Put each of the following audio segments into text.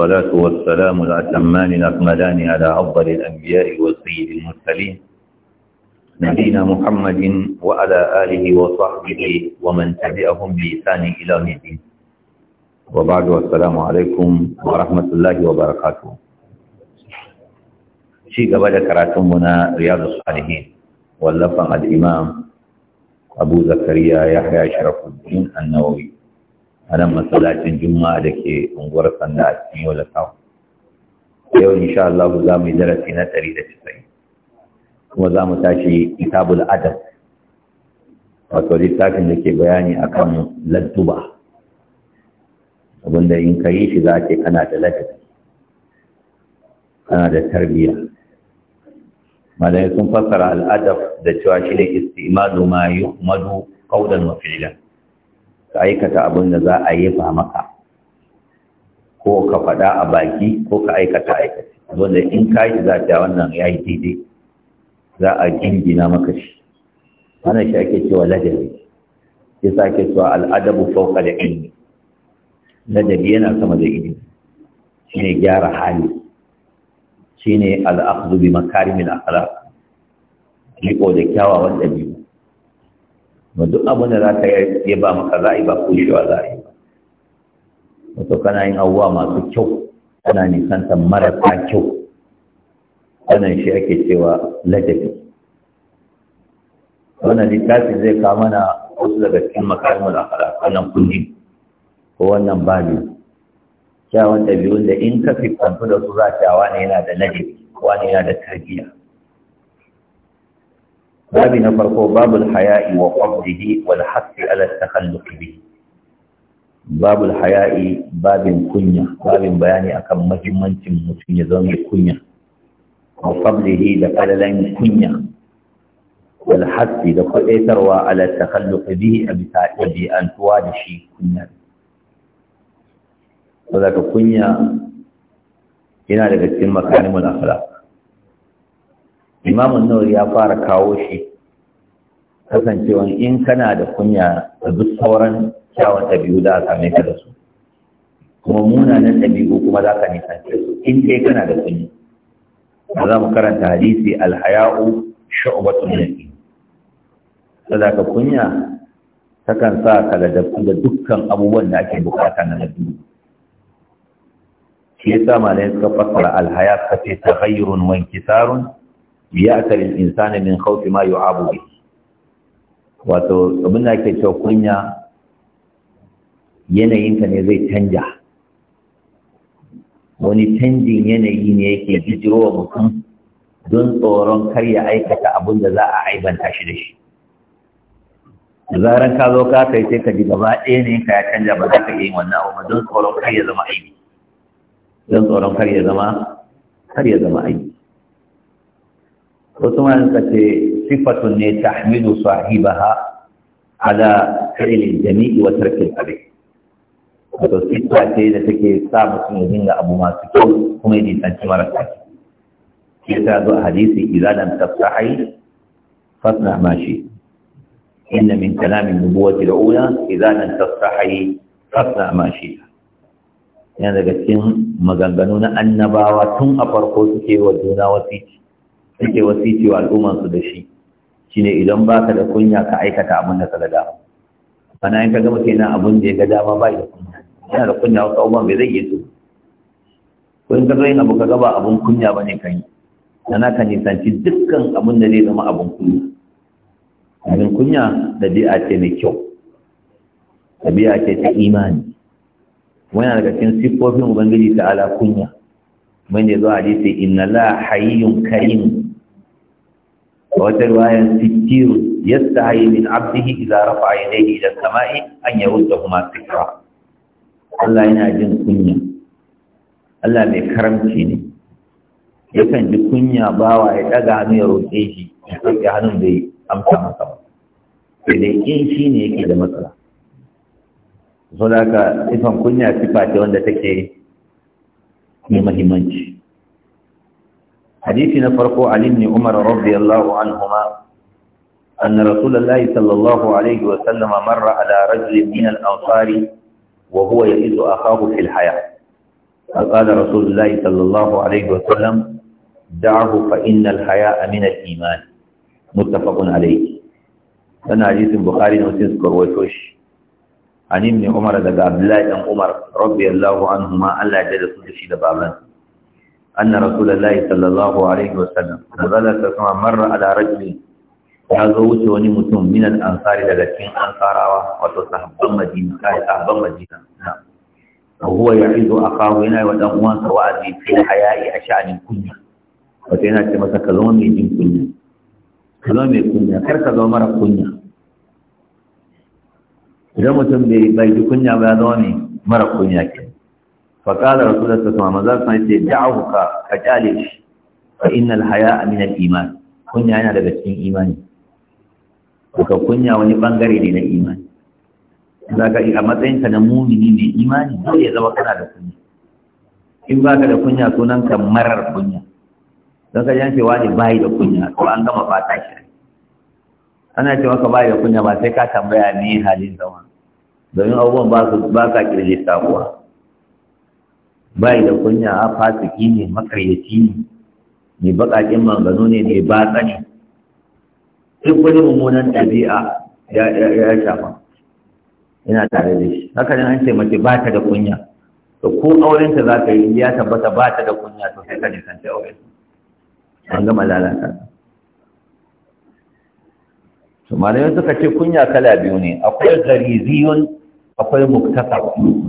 والصلاة والسلام الأتمان الأكملان على أفضل الأنبياء والسيد المرسلين نبينا محمد وعلى آله وصحبه ومن تبعهم بإحسان إلى الدين وبعد والسلام عليكم ورحمة الله وبركاته شيء قبل كراتمنا رياض الصالحين واللفظ الإمام أبو زكريا يحيى شرف الدين النووي a nan masallacin juma'a da ke unguwar sanda a cikin yau da kawo yau insha Allah za mu yi darasi na ɗari da casa'in kuma za mu tashi kitabul adab wato littafin da ke bayani akan lantuba abinda in ka yi shi za ke kana da ladabi kana da tarbiyya malayi sun fassara al'adab da cewa shi ne istimalu ma yi madu kaudan mafi ka aikata abin da za a yefa maka ko ka faɗa a baki ko ka aikata aikata wanda in ka yi za ta wannan ya yi daidai za a jingina maka shi wannan shi ake cewa ladabi ya ake cewa al'adabu fauka da ilmi ladabi yana sama da ilimi. shi ne gyara hali shi ne al'akhdu bi makarimin akhlaq liko da kyawawan ɗabi'u ba duk abin da za ka yi ba maka za'i ba kushewa za'i ba wato kana yin abubuwa masu kyau kana nisanta marasa kyau wannan shi ake cewa ladabi wannan littafin zai kawo mana wasu daga cikin makarimar akhlaq wannan kundi. ko wannan bali kyawun ɗabi'un da in ka fi kwanto da su za ta wani yana da ladabi wani yana da tarbiyya babi na farko babul haya'i wa qabdihi wal haqqi ala takhalluq bihi babul haya'i babin kunya babin bayani akan mahimmancin mutum ya zama kunya wa qabdihi da falalan kunya wal haqqi da kwadaitarwa ala takhalluq bihi a bisa ɗabi'antuwa da shi kunya saboda kunya yana daga cikin makarimul akhlaq imamun nawawi ya fara kawo shi kasancewa in kana da kunya da duk sauran kyawun ɗabi'u za a same ka da su kuma munanan ɗabi'u kuma za ka nisance su in dai kana da kunya A za mu karanta hadisi alhaya'u shu'batun nabi saboda ka kunya takan sa ka ladabtu da dukkan abubuwan da ake bukata na ladabtu shi yasa malai suka fassara alhaya ka ce ta taghayyurun wa inkisarun ya'tar al-insana min khawfi ma yu'abu bi wato abin da ake cewa kunya ka ne zai canja wani canjin yanayi ne yake wa mutum don tsoron kar ya aikata abin da za a aibanta shi da shi zaran ka zo ka kai sai ka ji gaba ɗaya ne ka ya canja ba za ka yi wannan abu ba don tsoron kar ya zama aibi don tsoron kar ya zama kar ya zama aibi wasu ma suka ce sifatun ne tahmilu sahibaha ala fi'lil jami'i wa tarkil abin wato sifa ce da take sa mutum ya dinga abu masu kyau kuma ya nisanci marasa shi ta zo a hadisi idan lam tafsahi fasna ma shi inna min kalamin nubuwati al-ula idan lam tafsahi fasna ma shi yana daga cikin maganganu na annabawa tun a farko suke wa juna wasiki suke wasiti wa al'umman su da shi shine idan baka da kunya ka aikata abin da ka ga dama bana in ka mutum yana abin da ya ga dama ba da kunya yana da kunya wasu abubuwan bai zai yi su ko in ka zo yin abu ka gaba abin kunya ba ne kan yi na ka nisanci dukkan abin da zai zama abin kunya abin kunya ɗabi'a ce mai kyau ɗabi'a ce ta imani wani daga cikin siffofin ubangiji ta ala kunya wanda ya zo hadisi inna la hayyun karim wata riwayar sittiru yastahi min abdihi rafa a yanayi ila samai an kuma sikira Allah yana jin kunya Allah mai karamci ne yakan ji kunya bawa ya daga hannu ya roƙe shi ya hannun bai amsa masa ba sai dai in shi ne yake da matsala so da haka sifan kunya sifa ce wanda take yi mahimmanci hadisi na farko ali ibn umar radiyallahu anhuma أن رسول الله صلى الله عليه وسلم مر على رجل من الأنصار وهو يئذ أخاه في الحياة فقال رسول الله صلى الله عليه وسلم دعه فإن الحياء من الإيمان متفق عليه أنا حديث البخاري ومسلم كرويتوش عن ابن عمر دعا عبد الله بن عمر رضي الله عنهما ألا جلس في دبابان أن رسول الله صلى الله عليه وسلم نزل كما مرة على رجل يزوج ونمتم من الأنصار لكن أنصارا وتصحب مدينة صحب مدينة وهو يعيد أخاه هنا ودموان سوادي في الحياة أشعر كنية وتينا كما تكلمي جن كنيا كلامي كنيا كركز ومر كنيا إذا متم بيد كنيا بيادوني مر كنيا كنيا faƙalar rasulun za su sun ce da'ahu ka ka kyale shi fa innal haya aminal iman kunya yana daga cikin imani ka kunya wani ɓangare ne na imani za ka a matsayinka na mumini mai imani dole ya zama kana da kunya in ba ka da kunya sunan ka marar kunya don ka jan wani ne bayi da kunya to an gama fata shi ana cewa ka bayi da kunya ba sai ka tambaya ne halin zama domin abubuwan ba ka kirje sabuwa bai da kunya a fasiki ne makaryaci ne mai baƙaƙin mangano ne mai batsa ne duk wani mummunan ɗabi'a ya shafa ina tare da shi haka ne an ce mace ba ta da kunya to ko aurenta za ka yi ya tabbata ba ta da kunya to sai ka nisanta auren an gama lalata to malamai suka ce kunya kala biyu ne akwai gariziyun akwai muktasar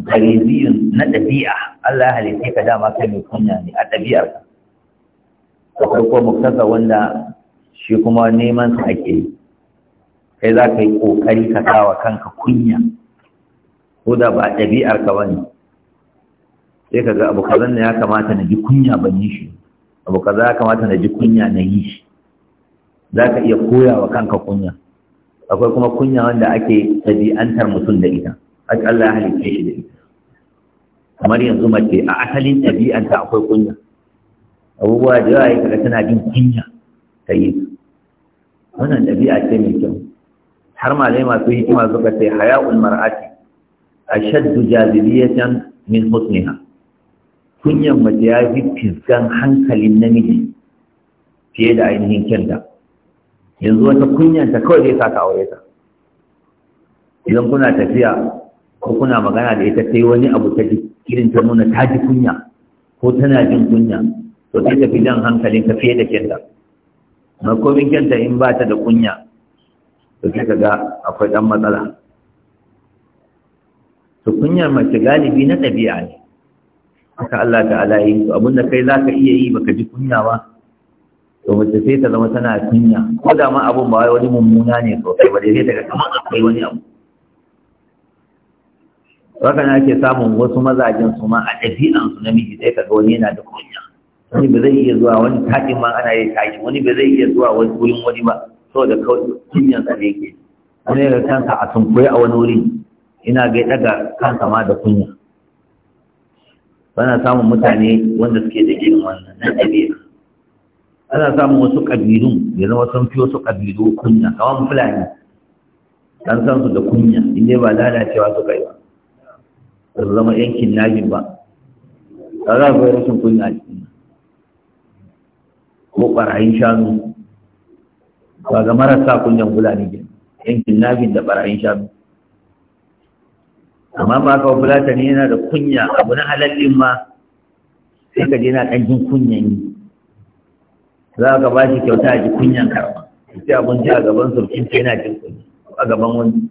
garibiyun na ɗabi'a Allah ya halitta ka dama kai mai kunya ne a ɗabi'ar ka akwai kuma muktasar wanda shi kuma neman sa ake yi kai za ka yi ƙoƙari ka kawa kanka kunya ko da ba ɗabi'ar ka ba ne? sai ka ga abu kazan ya kamata na ji kunya ban yi shi abu kaza ya kamata na ji kunya na yi shi za ka iya koya wa kanka kunya akwai kuma kunya wanda ake ɗabi'antar mutum da ita Allah ya halitta shi da ita kamar yanzu mace a asalin ɗabi'anta akwai kunya abubuwa da yawa ya tana jin kunya ta yi wannan ɗabi'a ce mai kyau har ma zai masu hikima suka ce haya'ul mar'ati ashaddu jazibiyatan min husniha kunyan mace ya fi fiskan hankalin namiji fiye da ainihin kyanta yanzu wata kunyanta kawai zai sa ka aure ta idan kuna tafiya ko kuna magana da ita sai wani abu ta ji irin ta nuna ta ji kunya ko tana jin kunya to sai ta fi jan hankalin ka fiye da kenta, na komin kenta in ba ta da kunya to sai ka ga akwai ɗan matsala to kunyar mace galibi na ɗabi'a ne haka Allah ta'ala yi to da kai za ka iya yi baka ji kunya ba to mace sai ta zama tana kunya ko da ma abun ba wani mummuna ne sosai ba dai sai ta ga kamar akwai wani abu haka na ke samun wasu mazajen su ma a ɗabi'an su namiji sai kaga wani yana da kunya wani ba zai iya zuwa wani taɗin ma ana yi taƙi, wani ba zai iya zuwa wani wurin wani ba saboda kawai kunyan sa ne yake wani ga kansa a sunkuye a wani wuri ina ga daga kansa ma da kunya Bana samun mutane wanda suke da irin wannan na ɗabi'a ana samun wasu ƙabilun ya zama sun fi wasu ƙabilu kunya kamar fulani kan san su da kunya in ba lalacewa suka yi ba ba su zama yankin najin ba ba za ku rashin kunya a cikin ko ɓarayin shanu ba ga marasa kunyan fulani ne yankin najin da ɓarayin shanu amma ba ka fulata ne yana da kunya abu na halallin ma sai ka je na ɗan jin kunyan yi za ka ba shi kyauta a ji kunyan karɓa sai abinci a gaban surkin sai yana jin kunya a gaban wani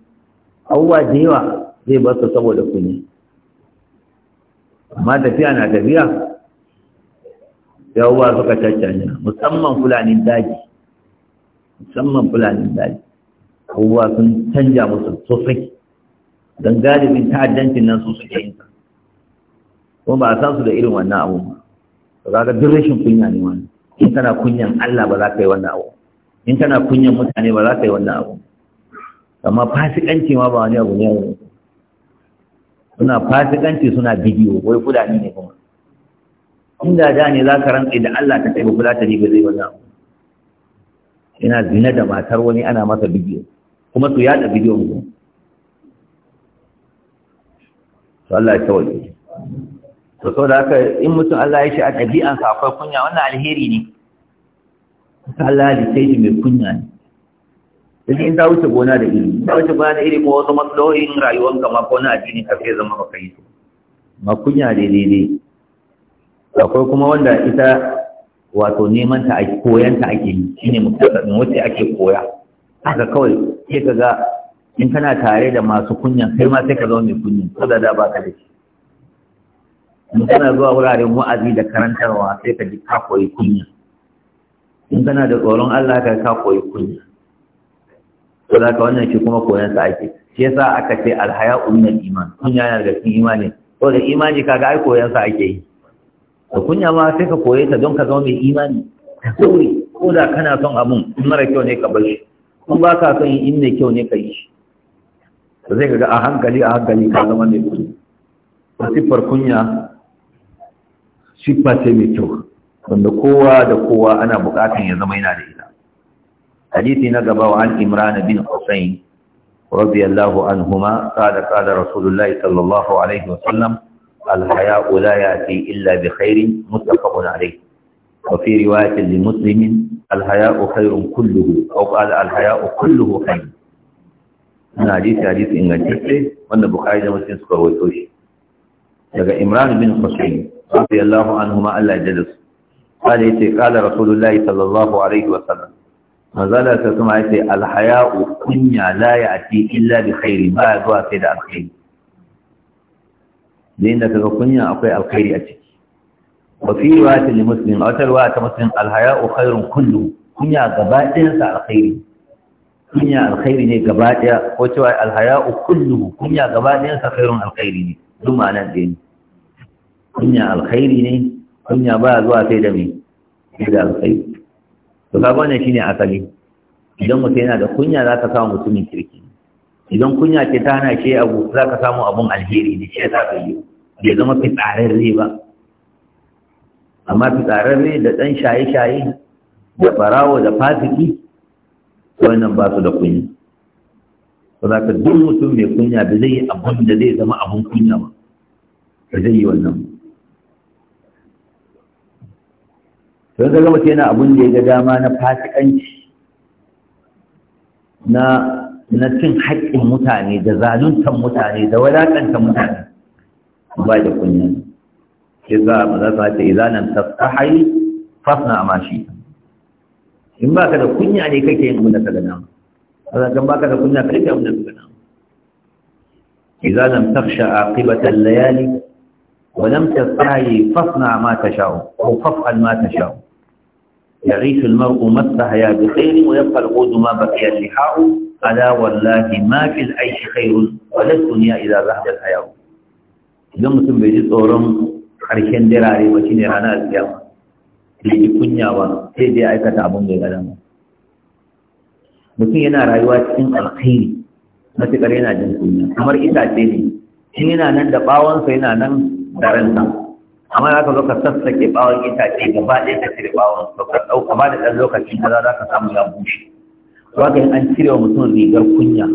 abubuwa da yawa zai ba su saboda kunya amma tafiya na tafiya yawuwa suka caccanya musamman fulani daji musamman fulani daji kowa sun canja musu sosai don galibin ta'addancin nan su suke yin kuma ba a san su da irin wannan abu ba za ka duk rashin kunya ne wani in kana kunyan Allah ba za ka yi wannan abu in kana kunyan mutane ba za ka yi wannan abu amma fasikanci ma ba wani abu ne suna fasikanci suna bidiyo wai fulani ne kuma inda da ne za ka rantse da Allah ta taiba ta riga zai wannan Ina zina da matar wani ana masa bidiyo kuma su yada bidiyo mu to Allah ya tawalle to so da haka in mutum Allah ya shi a ɗabi'ansa akwai kunya wannan alheri ne Allah ya dace mai kunya ne yake in ta wuce gona da iri ta wuce gona da iri ko wasu maslahohin ka ma ko na addini ka fiye zama baka yi su ma kunya daidai akwai kuma wanda ita wato neman ta ake koyan ta ake yi shine mutum wacce ake koya haka kawai sai ka ga in kana tare da masu kunya kai ma sai ka zama mai kunya ko da da baka da shi in kana zuwa wuraren wa'azi da karantarwa sai ka ji ka koyi kunya in kana da tsoron Allah ka ka koyi kunya to da ka wannan shi kuma koyon sa ake shi yasa aka ce alhaya ummul iman kunya na daga cikin imani Ko da imani kaga ai koyon sa ake yi to kunya ma sai ka koye ta don ka zama mai imani ka sauri ko da kana son abun in mara kyau ne ka bar shi Kun ba ka son in mai kyau ne ka yi shi to zai kaga a hankali a hankali ka zama mai kunya siffar kunya siffa ce mai kyau wanda kowa da kowa ana bukatan ya zama yana da ita hadisi na gaba wa an imran bin husayn radiyallahu anhuma qala qala rasulullahi sallallahu alaihi wasallam الحياء لا يأتي إلا بخير متفق عليه وفي رواية لمسلم الحياء خير كله أو قال الحياء كله خير أنا حديث حديث إن جئت وأن بخاري مسلم سكر ويتوش لقى إمران بن حسين رضي الله عنهما ألا جلس قال قال رسول الله صلى الله عليه وسلم mazala ta kuma ya ce alhaya'u kunya la ya ati illa bi khairi ba ya zuwa sai da alkhairi da inda kaga kunya akwai alkhairi a ciki wa fi riwayatin li muslim a wata riwaya ta muslim alhaya'u khairun kullu kunya gaba ɗayan sa alkhairi kunya alkhairi ne gaba ɗaya ko cewa alhaya'u kullu kunya gaba ɗayan sa khairun alkhairi ne duk ma'anar ɗaya ne kunya alkhairi ne kunya ba ya zuwa sai da me sai da alkhairi to kaga shi shine asali idan mutum yana da kunya za ka samu mutumin kirki idan kunya ce ta hana shi abu za ka samu abun alheri da shi za ka yi bai zama fitsararre ba amma fitsararre da ɗan shaye-shaye da farawo da fasiki wannan ba su da kunya To za ka duk mutum mai kunya da zai yi abun da zai zama abun kunya ba da zai yi wannan don ga mutum yana abin da ya ga dama na fasikanci na cin haƙƙin mutane da zaluntan mutane da wadatantan mutane ba da kunya ke za a za su haɗe izanan tasahai fasna a mashi in ba ka da kunya ne kake yin abin da ka gana kan ba ka da kunya kake yin abin da ka gana izanan tasha a ƙibatan layali ولم تستحي فاصنع ما تشاء أو فافعل ما تشاء يعيش المرء مس حياة بخير ويبقى العود ما بقي اللحاء ألا والله ما في العيش خير ولا الدنيا إذا ذهب الحياة idan mutum bai ji tsoron ƙarshen dirare ba shine ranar alƙiyama bai ji kunya sai dai aikata abin bai gada mutum yana rayuwa cikin alkhairi matuƙar yana jin kunya kamar itace ne shi yana nan da bawansa yana nan da ransa amma za ka zo ka sassake bawon itace gaba ɗaya ka cire bawon to ka ɗauka ba da ɗan lokaci kaza za ka samu ya bushe to haka an cire wa mutum rigar kunya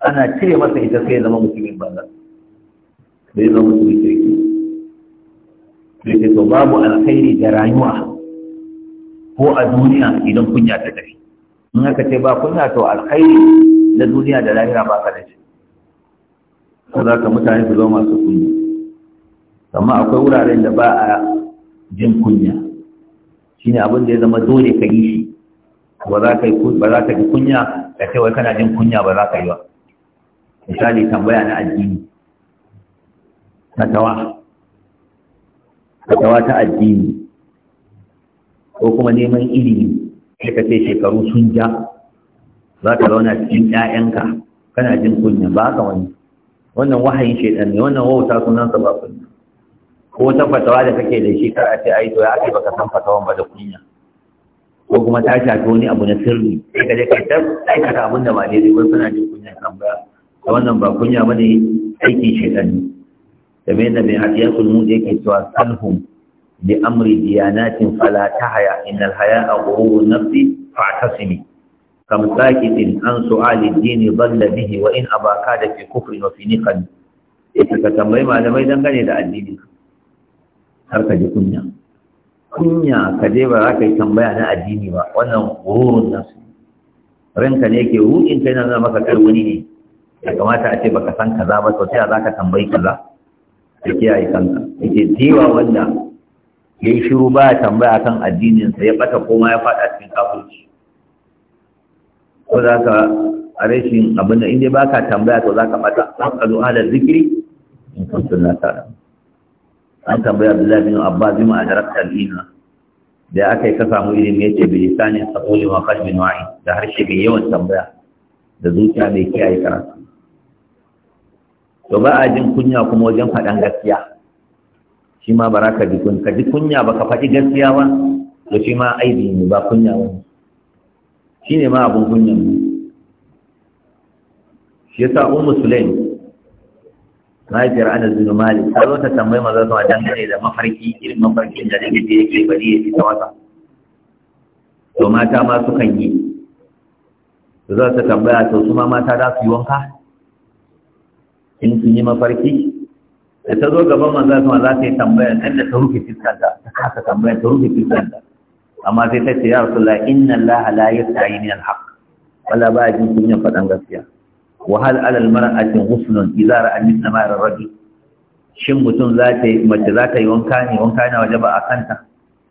ana cire masa ita sai ya zama mutumin banza bai zama mutumin kirki sai ce to babu alkhairi da rayuwa ko a duniya idan kunya ta tafi in aka ce ba kunya to alkhairi na duniya da lahira ba ka da shi ko za ka mutane su zama masu kunya amma akwai wuraren da ba a jin kunya ne abin da ya zama dole ka yi shi ba za ka yi kunya ka ce wai kana jin kunya ba za ka yi ba misali tambaya na addini fatawa fatawa ta addini ko kuma neman ilimi sai ka ce shekaru sun ja za ka zauna cikin 'ya'yanka kana jin kunya ba ka wani wannan wahayin shaidan ne wannan wauta sunansa ba kunya ko wata fatawa da kake da shi kar a ce ai to ya ake baka san fatawan ba da kunya ko kuma ta shafi wani abu na sirri sai ka je ka tab sai ka ta abin da ba daidai wai suna jin kunya kan ba ta wannan ba kunya ba ne aiki shaitan da mai hadiyatul sulmu da yake cewa salhum bi amri diyanatin fala tahaya innal a ghururun nafsi fa'tasimi kam sakitin an su'ali dini balla bihi wa in abaka da fi kufri wa fi niqan ita ka tambayi malamai dangane da addini har ka ji kunya kunya ka je ba za ka yi tambaya na addini ba wannan wururun nasu ranka ne yake ruɗin kai na maka karwani ne ya kamata a ce baka san kaza ba sosai a za ka tambayi kaza a kiyaye kanka yake jewa wanda ya yi shiru ba ya tambaya kan addininsa ya bata koma ya faɗa cikin kafirci ko za ka a rashin abin da inda ba ka tambaya to za ka bata an kalu halar zikiri in kuntun na tara an tambayi abdullahi bin abbas bima adrakta al-ilma da aka yi ka samu ilimi yace bi lisanin saquli wa qalbin wa'i da harshe mai yawan tambaya da zuciya mai kiyaye karatu to ba a jin kunya kuma wajen faɗan gaskiya shi ma ba ka ji kunya ka ji kunya ba ka faɗi gaskiya ba to shi ma aibi ne ba kunya ba shi ne ma abin kunyan mu shi yasa ummu sulaim mahaifiyar ana zuwa mali ta zo ta tambayi manzon sama dangane da mafarki irin mafarkin da nake da yake bari ya fita wata to mata ma sukan yi to za su tambaya to su ma mata za su yi wanka in sun yi mafarki da ta zo gaban manzon sama za ta yi tambaya nan da ta rufe fiskanta ta kasa tambaya ta rufe fiskanta amma sai ta ce ya rasulullah inna allaha la yastahi min al-haq wala ba jin kunyan faɗan gaskiya wahal alal mar'atin ghuslun idza ra'a mithla ma ra'a rajul shin mutum za ta yi mace za ta yi wanka ne wanka na waje ba a kanta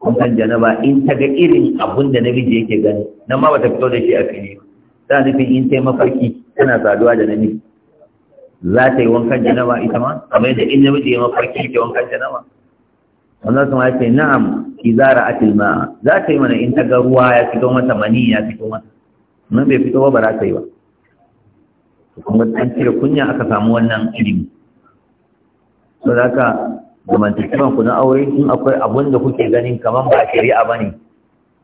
wankan janaba in ta ga irin abun da namiji yake gani nan ma bata fito da shi a fili ta nufin in ta yi mafarki tana saduwa da namiji za ta yi wankan janaba ita ma kamar yadda in namiji ya mafarki ke wankan janaba wannan kuma ya ce na'am izara atil ma za ta yi mana in ta ga ruwa ya fito mata mani ya fito mata nan bai fito ba ba za ta yi ba kuma an cire kunya aka samu wannan ilimi so da haka zamantakewan ku na aure in akwai abun da kuke ganin kamar ba shari'a ba ne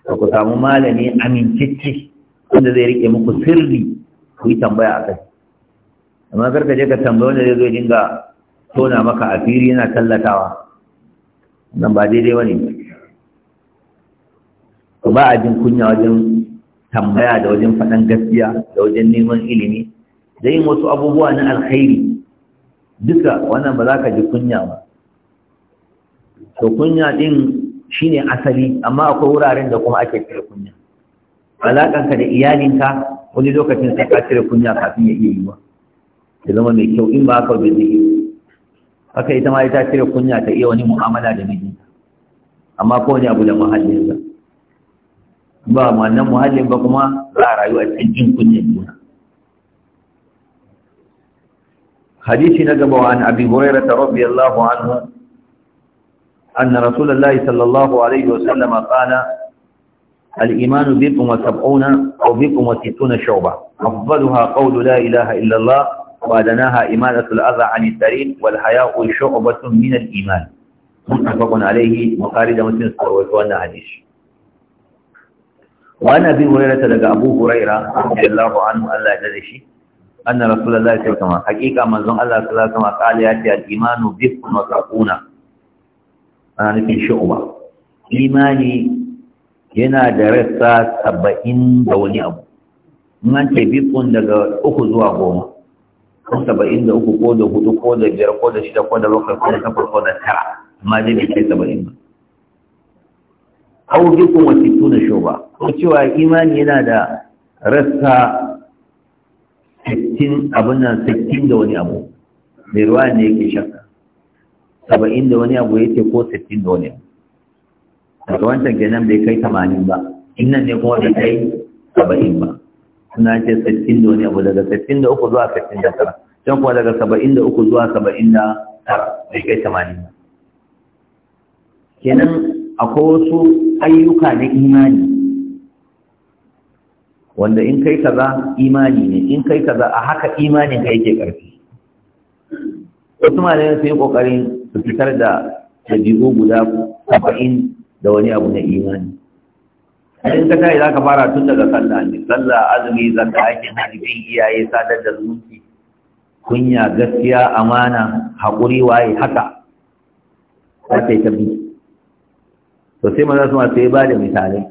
ba ku samu malami amincicci wanda zai rike muku sirri ku yi tambaya a kai amma karka je ka tambaya wanda zai zo dinga tona maka a fili yana tallatawa nan ba daidai ba ne ba a jin kunya wajen tambaya da wajen faɗan gaskiya da wajen neman ilimi da yin wasu abubuwa na alkhairi duka wannan ba za ka ji kunya ba to kunya din shine asali amma akwai wuraren da kuma ake cire kunya alaƙanka da iyalinka wani lokacin sai ka cire kunya kafin ya iya yi wa ya zama mai kyau in ba haka bai zai yi haka ita ma ita cire kunya ta iya wani mu'amala da mijinta amma ko wani abu da muhallin ba wannan muhallin ba kuma za a rayu a cikin kunya juna hadisi na gaba wa an abi hurairah radiyallahu anhu أن رسول الله صلى الله عليه وسلم قال الإيمان بكم وسبعون أو بكم وستون شعبة أفضلها قول لا إله إلا الله وأدناها إمالة الأذى عن الطريق والحياء شعبة من الإيمان متفق عليه مقارد مسلم وتوانا حديث وأنا أبي هريرة لك أبو هريرة رضي الله عنه ألا يدري anna rasulullahi ya alaihi wasallam hakika manzon Allah sallallahu alaihi wasallam kale ya ce al-imanu bihun wa saquna ana nufin shu'ba imani yana da rassa saba'in da wani abu in an ce bihun daga uku zuwa goma ko saba'in da uku ko da hudu ko da biyar ko da shida ko da bakwai ko da takwas ko da tara amma dai bai kai saba'in ba aw bihun wa sittuna shu'ba ko cewa imani yana da rassa sittin abin nan sittin da wani abu mai ruwa ne yake shakka saba'in da wani abu yake ko sittin da wani abu daga wancan kenan bai kai tamanin ba innan ne kuma bai kai saba'in ba suna ce sittin da wani abu daga sittin da uku zuwa sittin da tara don kuma daga saba'in da uku zuwa saba'in da tara bai kai tamanin ba kenan akwai wasu ayyuka na imani wanda in kai kaza imani ne in kai kaza a haka imanin ka yake karfi wasu malamai sun yi ƙoƙarin su fitar da dabi'u guda saba'in da wani abu na imani in ka kai za ka fara tun daga sallah ne sallah azumi zakka ake hajji bin iyaye sadar da zumunci kunya gaskiya amana hakuri waye haka za ta bi to sai maza su masu sai ba da misalai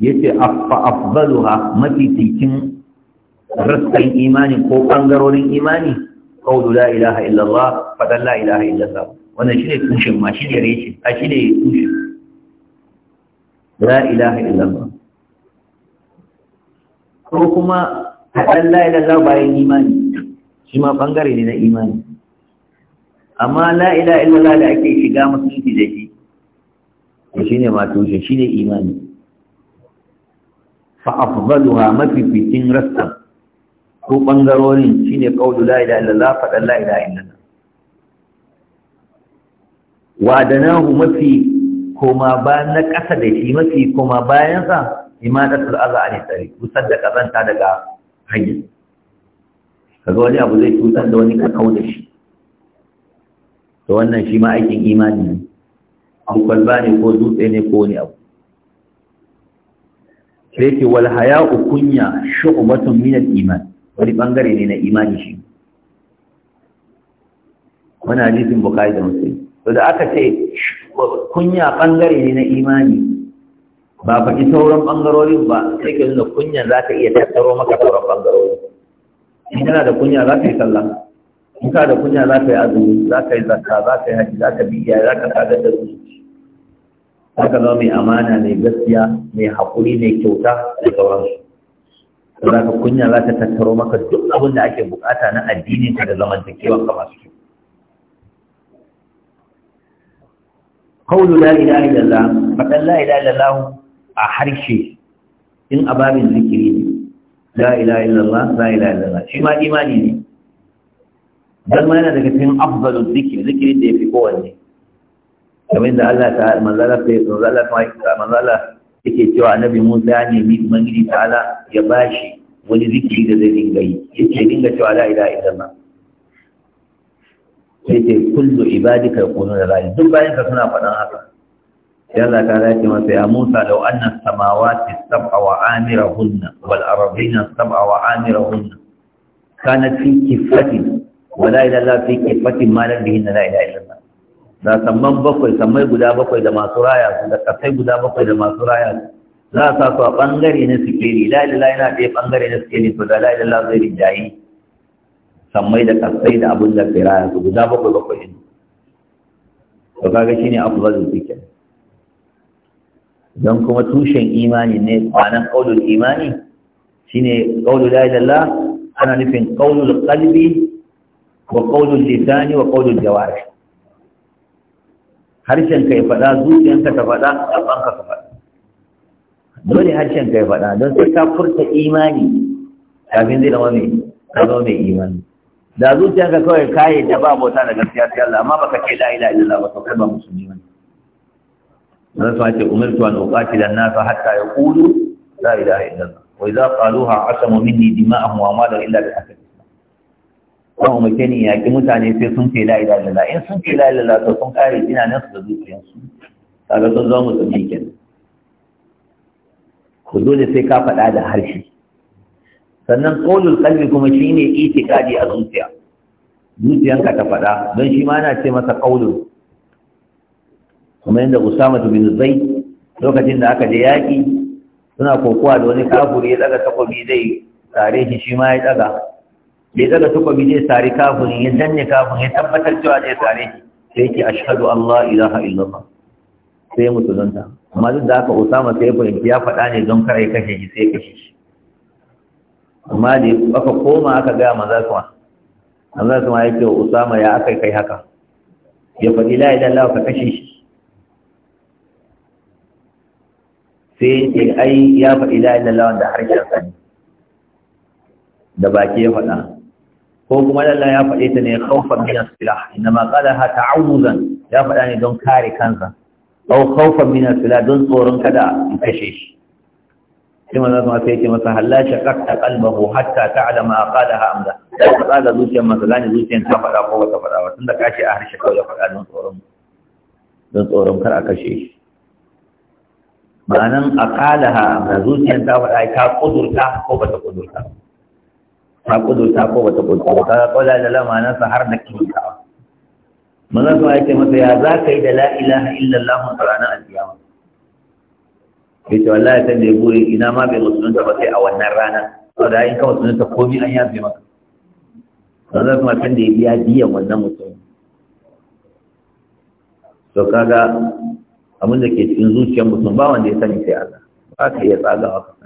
yace afa afdaluha mafi cikin rassan imani ko bangarorin imani qawlu la ilaha illa Allah fadan la ilaha illa Allah wannan shine tushen ma shine reshe a shine tushen la ilaha illa Allah ko kuma fadan la ilaha illa bayan imani shi ma bangare ne na imani amma la ilaha illa Allah da ake shiga musulunci da shi shine ma tushen shine imani fa afdaluha mafificin rassan ko bangarorin shine qaulu la ilaha illallah fadan la ilaha illallah nahu mafi koma ba na kasa da shi mafi koma bayan sa imadatul azza a nisari, kusan da zanta daga hanyar kaga wani abu zai cutar da wani ka kauda shi to wannan shi ma aikin imani ne an kwalba ne ko dutse ne ko wani abu sai ce wal haya kunya shu'batun min al-iman wani bangare ne na imani shi wani hadisin bukai da musulmi to da aka ce kunya bangare ne na imani ba faɗi sauran bangarorin ba sai ke nuna kunya za ka iya tattaro maka sauran bangarori in kana da kunya za ka yi sallah in kana da kunya za ka yi azumi za ka yi zakka za ka yi haji za ka biya za ka sadar da zuci haka zama mai amana mai gaskiya mai haƙuri mai kyauta da sauransu za ka kunya za ta tattaro maka duk abin da ake bukata na addinin ka da zamantakewan ka masu kyau qawlu la ilaha illallah da, la ilaha illallah a harshe in ababin zikiri ne la ilaha illallah la ilaha illallah shi ma imani ne dan ma yana daga cikin afdalu zikiri zikirin da yafi kowanne kamar da Allah ta manzala sai manzala ta manzala yake cewa annabi Musa ya nemi ubangiji ala ya bashi wani zikiri da zai dinga yi ya ce dinga cewa la ilaha illallah sai ce kullu ibadika yaquluna da ilaha duk bayan ka suna faɗan haka sai Allah ta ya ce masa ya Musa law anna samawati sab'a wa amirahunna wal ardina sab'a wa amirahunna kanat fi kifatin wa la ilaha illa fi kifatin ma la ilaha illa da samman bakwai sammai guda bakwai da masu raya su da kasai guda bakwai da masu raya su za a sa su a ɓangare na sikeli la ilaha yana ɗaya ɓangare na sikeli to da la ilaha zai rinjayi sammai da kasai da abin da ke raya su guda bakwai bakwai ne to kaga shine afdalul zikr don kuma tushen imani ne kwanan ƙaunar imani shine qaulul la ilaha ana nufin ƙaunar kalbi, wa ƙaunar lisani wa ƙaunar jawarih harshen ka ya faɗa zuciyanka ta faɗa gabanka ka faɗa dole harshen ka ya faɗa don sai ka furta imani kafin zai zama mai zama mai imani da zuciyanka kawai kaye da ba bauta da gaskiya sai Allah amma baka ce la ilaha illallah ba to kai ba musulmi bane Allah ta ce umirtu an uqatila an-nas hatta yaqulu la ilaha illallah wa idza qaluha asamu minni dima'ahum wa amwalahum illa bi haqqi kan ke ni yaƙi mutane sai sun ce la'ila lalla in sun ce la'ila da to sun kare ina nan su da zuciyarsu kaga sun zama ne kenan ku dole sai ka faɗa da harshe sannan ƙolul kalbi kuma shi ne itikadi a zuciya zuciyanka ta faɗa don shi ma na ce masa ƙolul kuma yadda usama bin zai lokacin da aka je yaƙi suna kokowa da wani kafuri ya ɗaga takobi zai tare shi shi ma ya ɗaga ya daga tukwabi zai sari kafin ya danne kafin ya tabbatar cewa zai sare shi sai yake ashhadu Allah ilaha illallah sai musulunta amma duk da haka Usama sai fahimci ya faɗa ne don kare kashe shi sai kashe shi amma da aka koma aka gaya maza kuma su ma yake Usama ya aka kai haka ya faɗi la ilaha illallah ka kashe shi sai yake ai ya faɗi la ilaha illallah da harshen sani da baki ya faɗa ko kuma Allah ya faɗe ta ne khawfan min as-silah inma qalaha ta'awuzan ya faɗa ne don kare kansa aw khawfan min as-silah don tsoron kada in kashe shi sai manzo kuma sai yake masa halla shaqqa qalbahu hatta ta'lama qalaha am la sai ka tsaga zuciyar manzo lani zuciyar ta faɗa ko ta faɗa ba tunda kashi a harshe kawai ya faɗa don tsoron don tsoron kar a kashe shi ma'anan aqalaha am la zuciyar ta faɗa ta kudurta ko bata kudurta ba ta kudurta ko wata kudurta ta kola da lamanansa har da kimanta Maza su ake masa ya za ka yi da la ilaha illallah a ranar alkiyama yace wallahi sai da buri ina ma bai musulunta ba sai a wannan rana da in ka musulunta komai an yafe maka Maza su ma da ya biya biyan wannan mutum to kaga abin da ke cikin zuciyar mutum ba wanda ya sani sai Allah ba ka iya tsagawa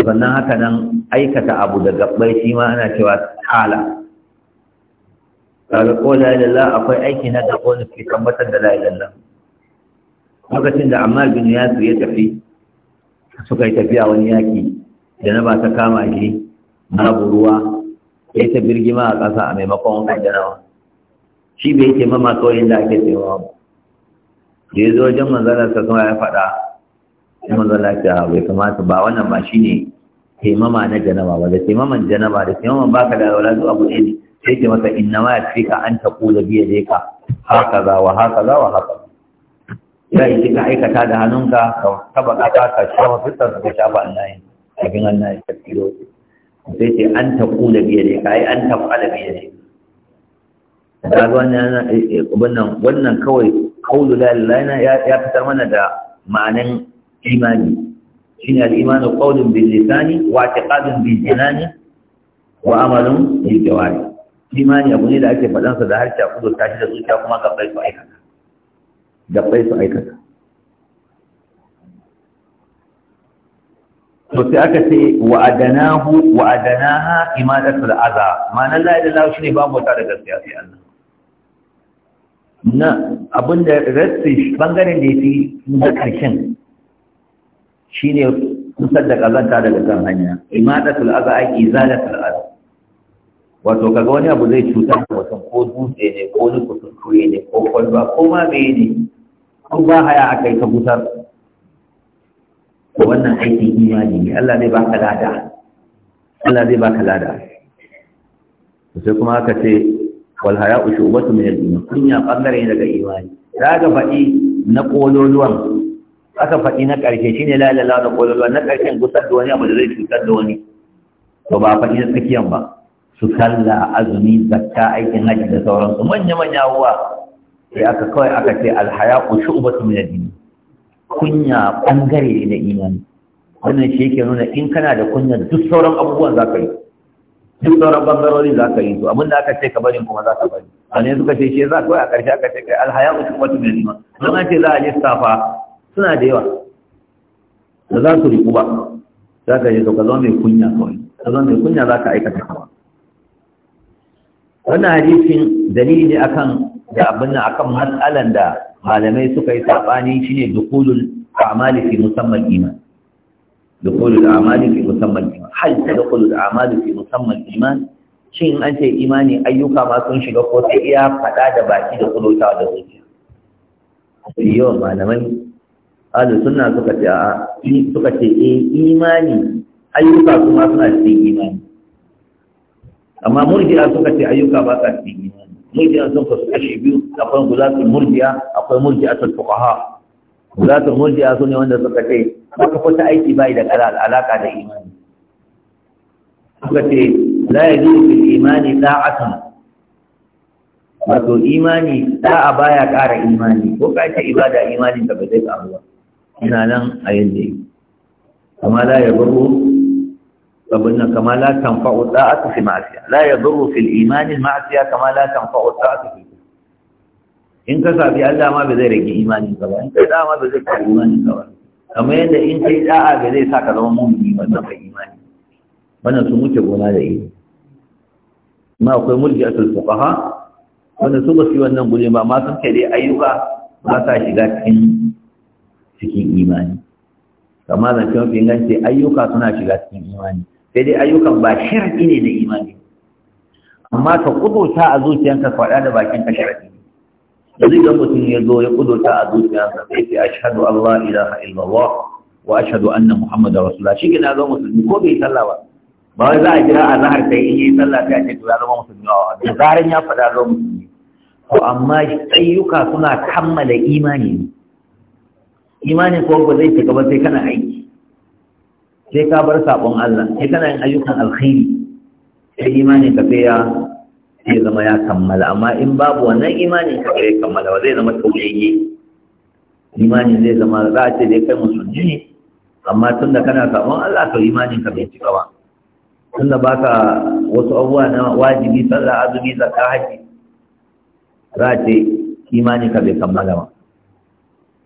sannan haka nan aikata abu da gabbai shi ma ana cewa tala kaga ko la ilallah akwai aiki na da wani ke tabbatar da la ilallah lokacin da Amma bin su ya tafi suka yi tafiya wani yaki da na ba ta kama shi babu ruwa ya ta birgima a ƙasa a maimakon wani janawa shi bai yake mama da ake tsayawa ba da ya zo wajen manzanar sa kuma ya faɗa sai manzo Allah ya ah, bai kamata ba wannan ba ne taimama na janaba ba da taimaman janaba da taimaman baka da wala zuwa abu ne sai ce maka inna ma ka an taqula ka, haka za wa haka za wa haka. ya yi ka aikata da hannunka ka taba ka ka shafa fitar ka shafa annayi kafin annayi ka tiro sai ce an biya bi ka ai an taqala bi yadayka da wannan eh, eh, wannan kawai kaulu la ilaha illa ya fitar mana da ma'anin imani shine al-imanu qawlun bil lisani wa i'tiqadun bil jinani wa amalun bil jawari imani abu ne da ake faɗan sa da harshe kudu ta shi da zuciya kuma gabbai su aikata gabbai su aikata to sai aka ce wa adanahu wa adanaha imadatul adha ma'ana la ilaha shine ba mota da gaskiya sai Allah na abinda rasti bangaren da yafi na karshen Shi ne kusan da kazanta daga kan hanya imadatul aza ai izalatul aza wato kaga wani abu zai cutar da wasan ko dutse ne ko ni kusurkure ne ko kwalba ko ma meye ne ko ba haya akai ka Ko wannan aikin imani ne Allah zai baka lada Allah zai baka lada sai kuma aka ce wal haya'u shubatu min al-iman kunya bangare daga imani daga baɗi na kololuwan aka faɗi na ƙarshe shi ne lalala da ƙwaƙwalwa na ƙarshen gusar da wani abu da zai cutar da wani to ba faɗi na tsakiyan ba su kalla azumi zakka aikin hajji da sauransu manya manya uwa sai aka kawai aka ce alhaya ku uba su mina dini kunya bangare ne na imani wannan shi yake nuna in kana da kunya duk sauran abubuwan za ka yi duk sauran bangarori za ka yi su abinda aka ce ka bari kuma za ka bari a ne suka ce shi za ka kawai a ƙarshe aka ce kai alhaya ku su mina dini din don a ce za a lissafa suna da yawa da za su riku ba za ka yi to ka zama mai kunya kawai ka zama mai kunya za ka aikata kawa wannan hadisin dalili ne akan da abin nan akan matsalan da malamai suka yi sabani shine dukulul a'mali fi musamman iman dukulul a'mali fi musamman iman hal dukulul a'mali fi musamman iman shin an ce imani ayyuka ma sun shiga ko sai iya fada da baki da kulota da zuciya yawan malamai ahlus sunna suka ce a suka ce eh imani ayyuka kuma suna cikin imani amma murji'a suka ce ayyuka ba sa cikin imani murji'a sun kasu kashe biyu akwai gulatul murji'a akwai ta fuqaha gulatul murji'a su ne wanda suka ce ka fita aiki bai da alaka da imani suka ce la yajuzu fil imani da'atan wato imani a baya ƙara imani ko ka ce ibada imanin ka ba zai ka ba ina nan a yanzu. yi kama la ya baro abin nan kama la tanfa uta fi ma'asiya la ya baro fil imanin ma'asiya kama la tanfa uta fi in ka sabi Allah ma bai zai rage imanin ka ba in kai da'a ma zai kai imanin ka ba kamar yadda in kai da'a ba zai sa ka zama mummuni wannan kai imani wannan su muke gona da yi ma akwai mulki asul fuqaha wanda su ba su yi wannan gure ba ma sun kai dai ayyuka ba sa shiga cikin cikin imani kama zancen fi inganci ayyuka suna shiga cikin imani sai dai ayyukan ba sharadi ne na imani amma ka kudurta a zuciyanka faɗa da bakin bakinka sharadi yanzu idan mutum ya zo ya kudurta a zuciyansa sai ce ashhadu allah ilaha illallah wa ashhadu anna muhammadar rasulullah shi gina zo musulmi ko bai sallah ba ba wai za a jira a zahar sai in yi sallah sai a ce to ya zama musulmi a da zaran ya faɗa zo musulmi to amma ayyuka suna kammala imani ne imanin ko ba zai cika ba sai kana aiki sai ka bar sabon Allah sai kana yin ayyukan alkhairi sai imani ka sai ya sai zama ya kammala amma in babu wannan imanin ka zai kammala ba zai zama tauyayye imanin zai zama za a ce dai kai musu jini amma tun da kana sabon Allah to imani ka bai cika ba tun da baka wasu abubuwa na wajibi sallah azumi zakka haji za a ce imani ka bai kammala ba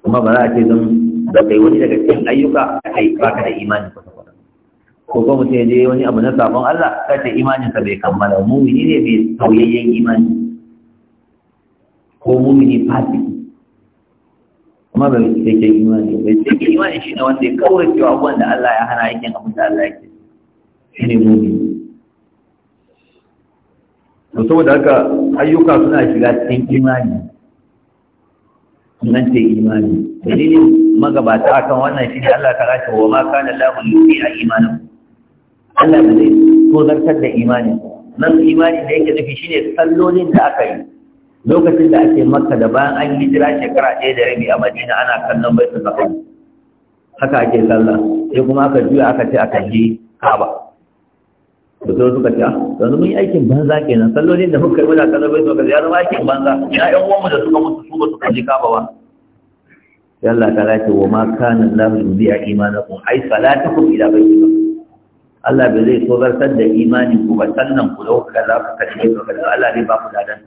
kuma ba za a ce Zan da kai wani daga cikin ayyuka kai ba ka da imani kwata kwata ko kuma ya je wani abu na sabon Allah ka ce imanin sa bai kammala mumini ne mai sauyayyen imani ko mumini fasi kuma bai ke imani bai ke imani shine wanda ya kawai cewa abubuwan da Allah ya hana yakin abin da Allah yake shine mumini to saboda haka ayyuka suna shiga cikin imani nan ce imani dalilin magabata a kan wannan shi ne Allah ta rashe wa ma kana lahu yuki a imanin Allah ba zai tozartar da imani nan imani da yake nufi shine sallolin da aka yi lokacin da ake makka da bayan an yi jira shekara ɗaya da rabi a madina ana kallon bai su haka ake sallah sai kuma aka juya aka ce aka je kaba da sai suka ce ah, yanzu mun yi aikin banza kenan sallolin da muka yi muna sallolin suka ya zama aikin banza ya yan uwanmu da suka mutu su ba su kaji kama ba Yalla Allah ta lafi wa ma kana lahu yubi'a imanakum ai ku ila baitikum Allah bai zai tsogartar da imanin ku ba sannan ku dauka kaza ku kaji ku kaza Allah zai ba ku dadan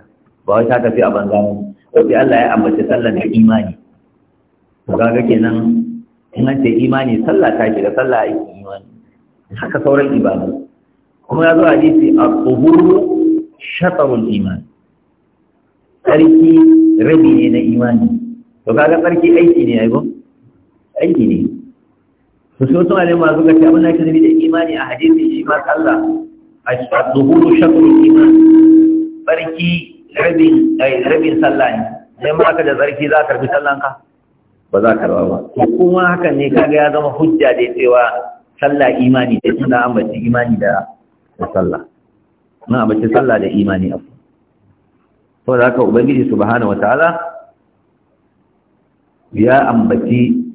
ba wai ta tafi a banza mu sai Allah ya ambace sallan da imani to kaga kenan in an ce imani sallah ta shiga sallah aikin imani haka sauran ibadu kuma ya zo a hadisi a tsohuru shatarun iman ƙarfi rabi ne na imani to kaga ƙarfi aiki ne aiko aiki ne su so suna ne masu ce abin da ake nufi da imani a hadisi shi ma Allah a tsohuru shatarun iman ƙarfi rabin rabin sallah ne sai ma ka da tsarki za a karbi sallanka ba za ka rawa ba to kuma hakan ne kaga ya zama hujja da cewa sallah imani da tunda an bace imani da da sallah na ambaci sallah da imani abu to da haka ubangiji subhanahu wataala ya ambaci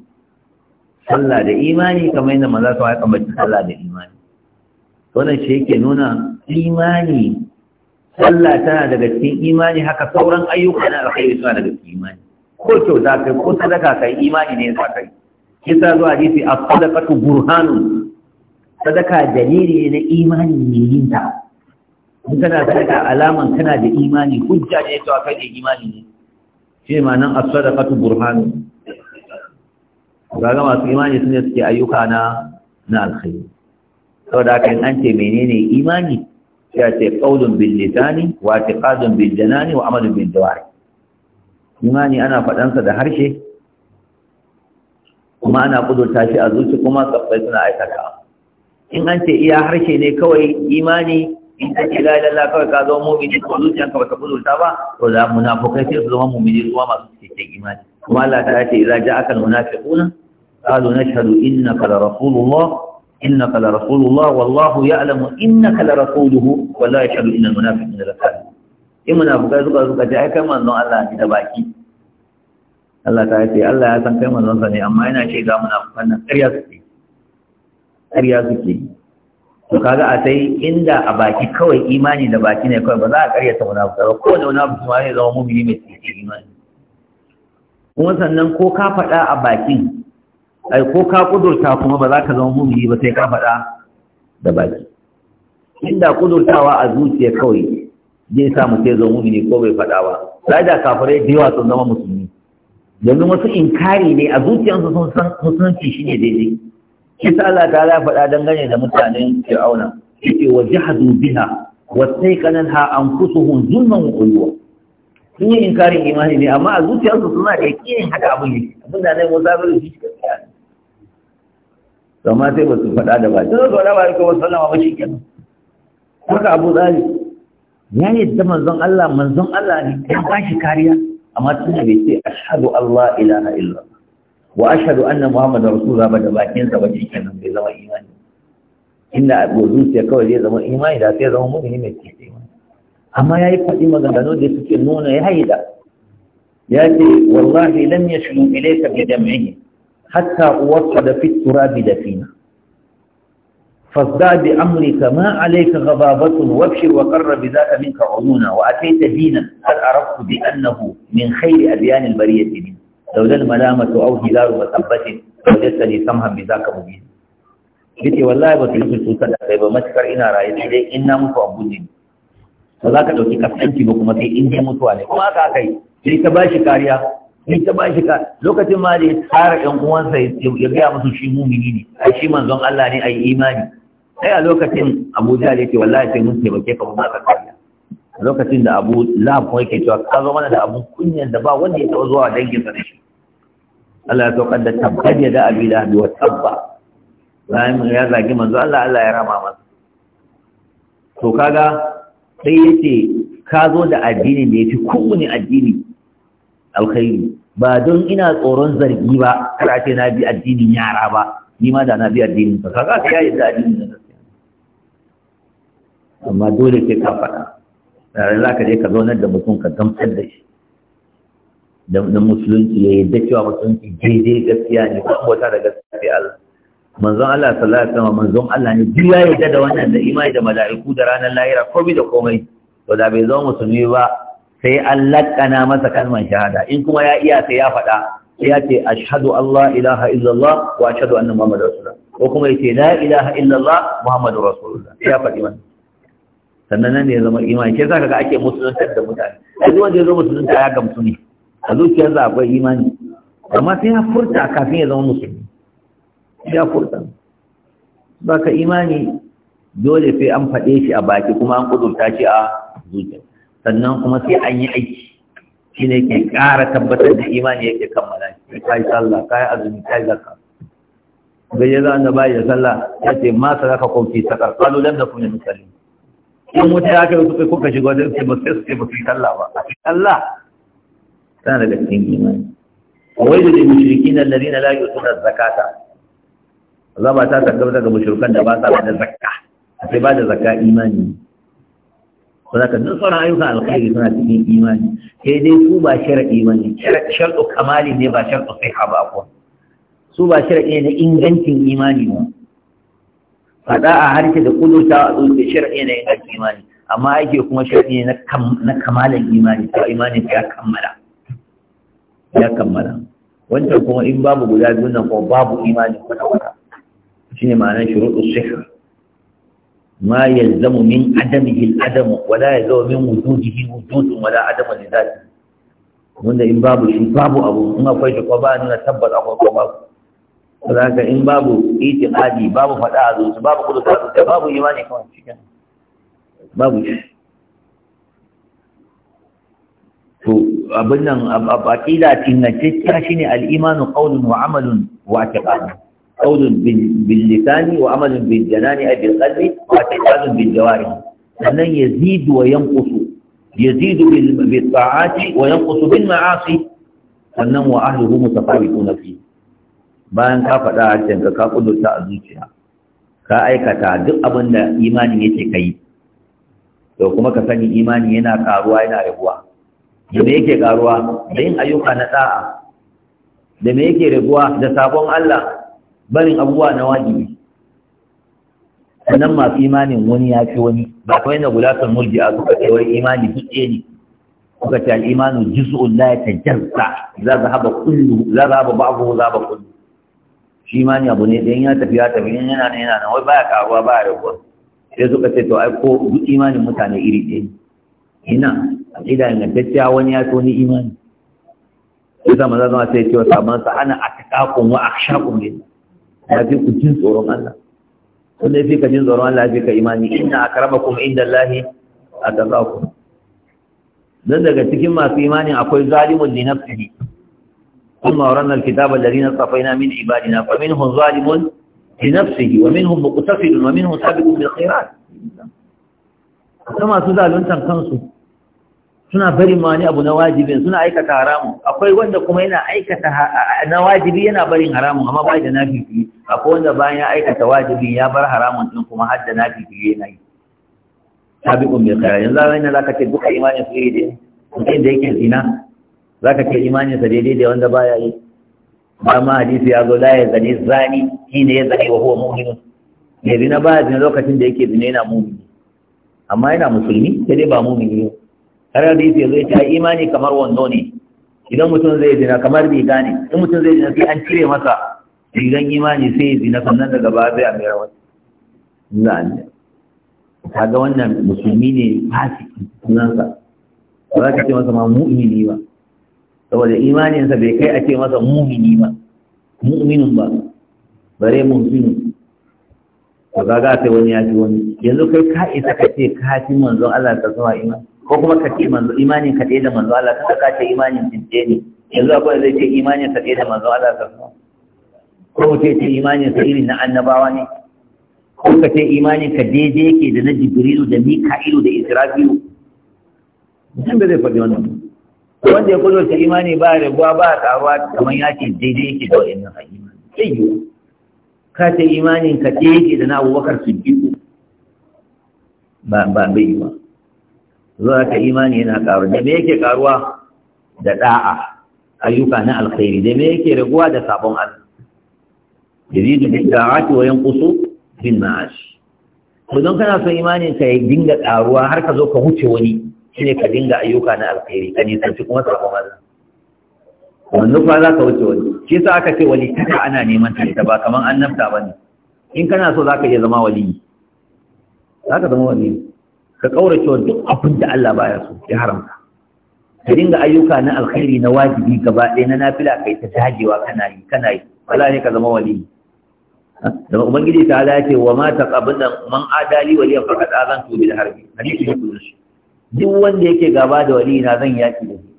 sallah da imani kamar yadda maza su ya ambaci sallah da imani wannan shi yake nuna imani sallah tana daga cikin imani haka sauran ayyuka na alkhairi suna daga cikin imani ko da kai ko sadaka kai imani ne sa kai kisa zuwa hadisi as-sadaqatu burhanun sadaka dalili na imani ne yinta. in kana sadaka alaman kana da imani hujja ne to akai da imani ne shi ma'anan as-sadaqatu burhan kaga masu imani sune suke ayyuka na na alkhairi saboda haka in an ce menene imani ya ce qaulun bil lisani wa i'tiqadun bil janani wa amalun bil jawari imani ana sa da harshe kuma ana kudurta shi a zuci kuma tsafai suna aikata in an ce iya harshe ne kawai imani in ta ce la ilaha kawai ka zama mu'mini ko zuciyanka bata kudurta ba to da munafukai sai su zama mu'mini zuwa masu cikakken imani kuma Allah ta ce idza ja'aka al-munafiquna qalu nashhadu innaka la rasulullah innaka la rasulullah wallahu ya'lamu innaka la rasuluhu wa la yashhadu innal munafiqina la kadhibun in munafukai suka suka ce ai kai manzon Allah ne da baki Allah ta ce Allah ya san kai manzon sa ne amma yana ce ga munafukan na ƙarya suke ƙarya suke yi to kaga a sai inda a baki kawai imani da baki ne kawai ba za a wani abu ba ko da abu ma zai zama mumini mai tsaye imani kuma sannan ko ka faɗa a bakin ai ko ka kudurta kuma ba za ka zama mumini ba sai ka faɗa da baki inda kudurtawa a zuciya kawai zai sa mu sai zama mumini ko bai faɗa ba sai da kafirai da yawa sun zama musulmi yanzu wasu inkari ne a zuciyarsu sun san musulunci shine daidai kisa Allah ta ya faɗa dangane da mutanen Fir'auna yake wa jahadu biha wa an anfusuhum zulman wa ulwa sun yi inkarin imani ne amma a zuciyarsu suna da yakin haka abin yi. abin da nan muzabir shi gaskiya to amma sai ba su faɗa da ba sai su faɗa ba ko sallama ba shikenan haka Abu Talib ya yadda manzon Allah manzon Allah ne ya ba shi kariya amma tunda bai ce ashhadu Allah ilaha illallah وأشهد أن محمد رسول الله بدأ باكين سبا جيشنا في زمان إيمان إن أبو زوس يكوى لي زمان إيمان إذا تي زمان مؤمن إيمان إيمان أما يا إيه فاتي مغندانو دي سكي يا هيدا يأتي والله لم يشلو إليك بجمعه حتى أوصد في التراب دفينة فازداد بأمرك ما عليك غضابة وابشر وقر بذات منك عيونا وأتيت دينا هل عرفت بأنه من خير أديان البرية منك laulal malamatu aw hilalu masabbatin wajadtani samhan bi zaka mubin yace wallahi ba su yi cutar da kai ba matukar ina raye sai dai in na mutu a gudun ba za ka ɗauki ki ba kuma sai in je mutuwa ne kuma haka kai sai ta bashi kariya sai ta bashi ka lokacin ma da ya tsara ɗan uwansa ya gaya musu shi mumini ne ai shi manzon Allah ne ai imani sai a lokacin abu da yake wallahi sai mun taimake ka kuma ka kariya lokacin da abu lahab kuma yake cewa ka zo mana da abun kunyan da ba wanda ya taɓa zuwa dangin sa da shi Allah ya saukar da tabbat ya da abi da wa tabba bayan ya zagi manzo Allah Allah ya rama masa to kaga sai yace ka zo da addini da yafi kowane addini alkhairi ba don ina tsoron zargi ba kada ce na bi addinin yara ba ni ma da na bi addinin ka kaga sai yi da addinin amma dole sai ka faɗa tare za ka je ka zaunar da mutum ka gamsar da shi da musulunci ya yadda cewa musulunci daidai gaskiya ne ba wata da gaskiya Allah manzon Allah sallallahu alaihi wasallam manzon Allah ne duk ya yadda da wannan da imani da mala'iku da ranar lahira komai da komai to da bai zama musulmi ba sai an lakkana masa kalmar shahada in kuma ya iya sai ya faɗa sai ya ce ashhadu Allah ilaha illallah wa ashhadu anna muhammadar rasulullah ko kuma ya ce la ilaha illallah muhammadur rasulullah ya faɗi wannan sannan nan ne ya zama imani ke sa kaga ake musulunta da mutane duk wanda ya zo musulunta ya gamsu ne a zuciyarsa akwai imani amma sai ya furta kafin ya zama musulmi ya furta ba ka imani dole sai an faɗe shi a baki kuma an kudurta shi a zuciya sannan kuma sai an yi aiki shi ne ke ƙara tabbatar da imani yake kammala shi ka yi sallah kai yi azumi kai zakka bai za a da ba ya sallah ya ce ma sadaka ko fi sakar kalu dan da kuma musalli in wuta ya kai kuka shiga wajen ce ba sai su ce ba su yi sallah ba Allah tana daga cikin imani wai da mushriki na lari na layu suna zakata za ba ta sakar daga mushrikan da ba sa ba da zakka sai ba da zakka imani ba za ka duk sauran ayyukan alkhairi suna cikin imani sai dai su ba sharaɗi ba ne sharɗu kamali ne ba sharɗo sai haba kuwa su ba sharaɗi ne na ingancin imani ba faɗa a harshe da kudurta a zuwa sharaɗi ne na ingancin imani amma aiki kuma sharaɗi ne na kamalin imani ta imanin ya kammala ya kammala wancan kuma in babu guda biyu nan ko babu imani kwata-kwata shi ne ma'anar shuruɗu sihir ma yalzamu min adamihi al'adamu wala yalzamu min wujudihi wujudu wala adam li zati wanda in babu shi babu abu in akwai shi ko ba na tabbata akwai ko babu saboda in babu itiqadi babu fada a zuci babu kudu ta zuci babu imani kawai cikin babu shi to abin nan a aqida ingantacciya shine al-imanu qawlun wa amalun wa i'tiqad qawlun bil lisani wa amalun bil janani ay bil qalbi wa i'tiqadun bil jawarih sannan yazidu wa yanqusu yazidu bil ta'ati wa yanqusu bil ma'asi sannan wa ahluhu mutafawituna fi bayan ka faɗa harshen ka ka kudurta a zuciya ka aikata duk abin da imanin yake kai to kuma ka sani imani yana ƙaruwa yana rabuwa da me yake karuwa da yin ayyuka na da'a da me yake raguwa da sakon Allah barin abubuwa na wajibi sannan masu imanin wani ya fi wani ba kawai na gulatar a suka ce wai imani dutse ne suka ce al'imanu juz'un la yatajazza za zahaba kullu za zahaba ba'dahu zahaba kullu shi imani abu ne dan ya tafi ya tafi yana nan yana nan wai baya karuwa baya raguwa sai suka ce to ai ko duk imanin mutane iri ɗaya ne ina aqida gaskiya wani ya so ni imani yasa maza zama sai cewa saman sa ana atqakum wa akhshakum ne ya fi ku jin tsoron Allah wanda ya fi ka jin tsoron Allah ya fi ka imani inna akramakum indallahi atqakum dan daga cikin masu imani akwai zalimun li nafsihi kuma waranna alkitaba alladhina safaina min ibadina fa minhum zalimun li nafsihi wa minhum muqtasidun wa minhum sabiqun bil khairat kuma su zaluntan kansu suna bari ma wani abu na wajibi suna aikata haramun akwai wanda kuma yana aikata na wajibi yana barin haramun amma ba da nafifi akwai wanda bayan ya aikata wajibi ya bar haramun din kuma har da nafifi yana yi sabiqun bil kare yanzu ran nan zaka ce duka imanin su daidai mutum da yake zina zaka ce imanin sa daidai da wanda baya yi amma hadisi ya zo la ya zani zani shine ya zani wa huwa mu'min ya zina baya zina lokacin da yake zina yana mu'mini amma yana musulmi sai dai ba mu'mini ne har hadisi ya zai ta imani kamar wando ne idan mutum zai zina kamar riga ne in mutum zai zina sai an cire masa rigan imani sai ya zina sannan daga baya zai amira wani na'am kaga wannan musulmi ne fasiki sunansa ba za ka ce masa ma mu'mini ba saboda imaninsa bai kai a ce masa mu'mini ba mu'minin ba bare mu'minin za ka sai wani ya ji wani yanzu kai ka isa ka ce ka ci manzon Allah ta zama imani ko kuma ka ce manzo imanin ka ɗaya da manzo Allah ta ka ce imanin tinje ne yanzu akwai zai ce imanin ka ɗaya da manzo Allah ta ko ka ce ce imanin ka irin na annabawa ne ko ka ce imanin ka daidai yake da na jibrilu da mika'ilu da israfilu mutum da zai faɗi wannan wanda ya kudu ta imani ba rabuwa ba karuwa kamar ya ce daidai yake da wa'in nan a imani sai yi ka ce imanin ka daidai yake da na abubakar su ba ba bai yi ba zuwa ka imani yana karu da me yake karuwa da da'a ayyuka na alkhairi da me yake raguwa da sabon Allah yazidu bi da'ati wa yanqusu bin ma'ash to don kana son imanin ka ya dinga karuwa har ka zo ka huce wani shine ka dinga ayyuka na alkhairi ka nisanci kuma sabon Allah wannan fa za ka wuce wani shi yasa aka ce wali taka ana neman ta ita ba kaman annabta bane in kana so za ka iya zama wali za ka zama wali ka kaurace wa duk abin da Allah baya so ya haramta ka dinga ayyuka na alkhairi na wajibi gaba ɗaya na nafila kai ta dajewa kana yi kana yi wala ne ka zama wali da ubangiji ta ala ce wa mata ma taqabna man adali waliyan faqad azantu da harbi hadisi ne kullu duk wanda yake gaba da wali na zan yaki da shi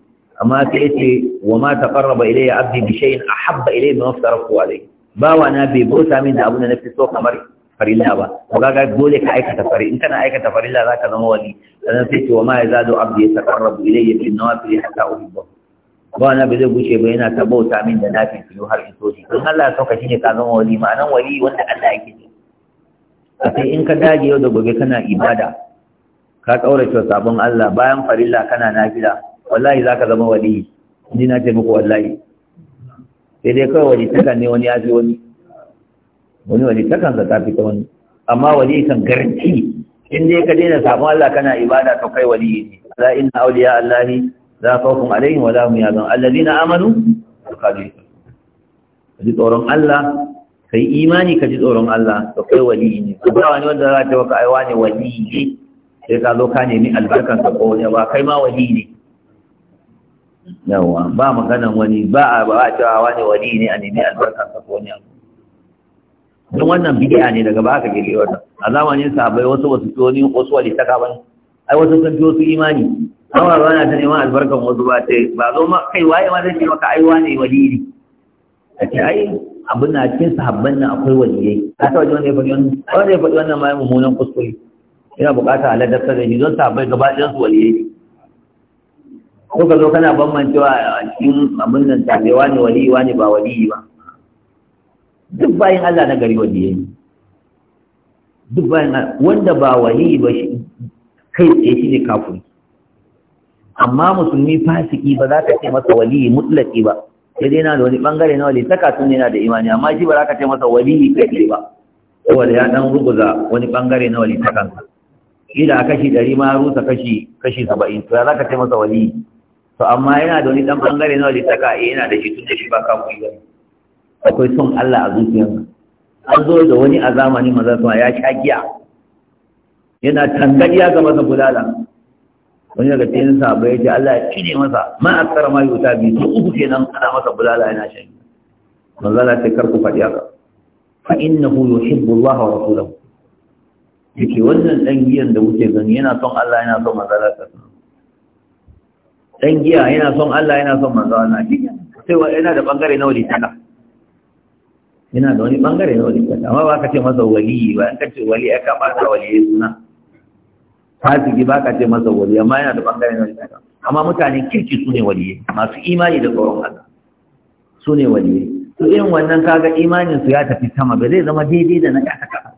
amma sai ce wa ma taqarraba ilayya abdi bi shay'in ahabba ilayya mimma aftaraqtu alayhi bawa na bai bauta min da abin da nafi so kamar farilla ba to kaga dole ka aikata farilla in kana aikata farilla zaka zama wali sannan sai ce wa ma yazadu abdi yataqarrabu ilayya bil nawafil hatta uhibbu ba na bai zai guce ba yana ta bauta min da nafi fi har in so shi don Allah ya sauka shi ne ka zama wali ma'anan wali wanda Allah yake so a sai in ka dage yau da gobe kana ibada ka kaurace sabon Allah bayan farilla kana nafila wallahi zaka zama wali ni na ce muku wallahi sai dai kawai wani takan ne wani ya wani wani wani takansa ta fi ta wani amma wali kan garanti in dai ka daina sabon Allah kana ibada to kai wali ne in auliya Allah awliya allahi la kun alaihim wa ya hum Allah alladhina amanu Ka ji tsoron Allah kai imani ka ji tsoron Allah to kai wali ne ko ba wani wanda za ka ta waka aiwa ne wali ne sai ka zo ka nemi albarkan ka ko ne ba kai ma wali ne yawa ba maganan wani ba a ba a cewa wani wali ne a nemi albarkan ka ko ne don wannan bid'a ne daga baka aka wannan a zamanin bai wasu wasu fiyo ni wasu wali ta kaban ai wasu sun fiyo su imani amma ba na ta neman albarkan wasu ba ta ba zo ma kai waye ma zai maka ai wane waliri ne a ce ai abin na cikin sahabban nan akwai waliyai ka ta waje wanda ya faɗi wannan wanda ya faɗi wannan ma yi mummunan kuskure yana buƙatar halar da ni don sahabbai gaba ɗayan su waliyai ne ko ka zo kana bambancewa a cikin abin nan tabewa ne waliyi ne ba waliyi ba duk bayan Allah na gari wanda ya yi duk bayan wanda ba wali ba shi kai tsaye shi ne kafuri amma musulmi fasiki ba za ka ce masa wali mutlaki ba sai dai yana da wani bangare na wali saka sun yana da imani amma shi ba za ka ce masa wali kai ba saboda ya dan ruguza wani bangare na wali sakan kila ila kashi ɗari ma rusa kashi kashi saba'in to ya za ka ce masa wali to amma yana da wani dan bangare na wali saka eh, yana da shi tun da shi ba kafuri ba akwai son Allah a zuciyarsa an zo da wani a zamani maza ya sha giya yana tangariya ga masa bulala wani daga cikin sabai ya ce Allah ya cire masa ma tsara ma yuta bi su uku kenan ana masa bulala yana shan giya manzo ce kar ku faɗi haka fa huyo, yuhibbu Allah wa rasulahu yake wannan dan giyan da kuke gani yana son Allah yana son manzo Allah dan giya yana son Allah yana son na Allah sai wa yana da bangare nawa litaka yana da wani bangare na wali kanta amma ba ka ce masa wali ba in ka ce wali ya kama wali ya suna fasiki ba ka ce masa wali amma yana da bangare na wali kanta amma mutane kirki su ne wali masu imani da tsoron Allah su ne wali to irin wannan kaga imanin su ya tafi sama ba zai zama daidai da na kasa kafa.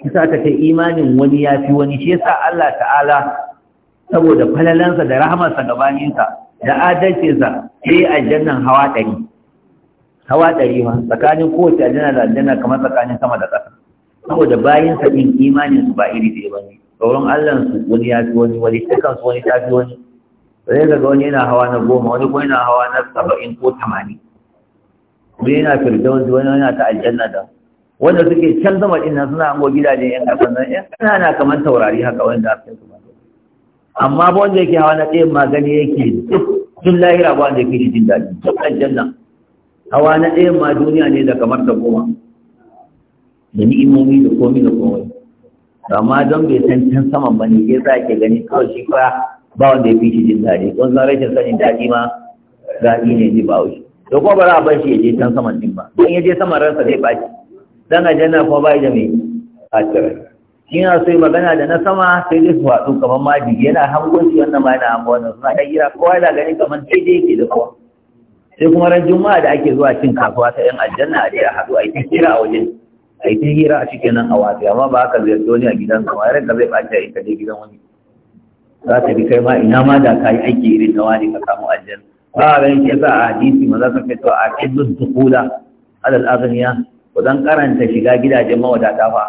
kisa ta ce imanin wani ya fi wani shi yasa Allah ta'ala saboda falalansa da rahamarsa gabaninsa da adalcinsa sai aljannan hawa ɗari hawa ɗari ma tsakanin kowace aljanna da aljanna kamar tsakanin sama da ƙasa saboda bayan sa din imanin su ba iri ɗaya ba ne tsoron allan su wani ya fi wani wani takan su wani ta fi wani zai daga wani yana hawa na goma wani kuma yana hawa na saba'in ko tamanin wani yana firdaunci wani yana ta aljanna da wanda suke can zama ɗin nan suna hango gidajen yan ƙasan nan yan na kamar taurari haka wanda da su ba amma ba wanda yake hawa na ɗaya magani yake duk tun lahira ba wanda yake shi jin daɗi duk aljanna hawa na ɗayan ma duniya ne da kamar da goma da ni'imomi da komi da komai amma don bai san can saman ba ne ya za ke gani kawai shi fa ba wanda ya fi shi jin daɗi kun san rashin sanin daɗi ma daɗi ne ji ba wuce to ko ba za a bar shi ya je can saman din ba don ya je saman ransa zai ɓaci dan aljanna kuma ba da mai ɓacin shi na so yi magana da na sama sai dai su kamar kamar jiki. yana hangon shi wannan ma yana hangon wannan suna ta gira kowa yana ganin kamar daidai yake da kowa sai kuma ran juma'a da ake zuwa cin kasuwa ta yan aljanna a a haɗu a yi hira a wajen a yi hira a cikin nan a wasu amma ba haka zai wani a gidan sa wani ranka zai ɓaci a ita dai gidan wani za ta bi kai ma ina ma da ka yi aiki irin na wani ka samu aljanna ba a ganin ke sa a hadisi ma za ka kai a ƙiddus Tukula, alal azaniya ko zan karanta shiga gidajen mawadata fa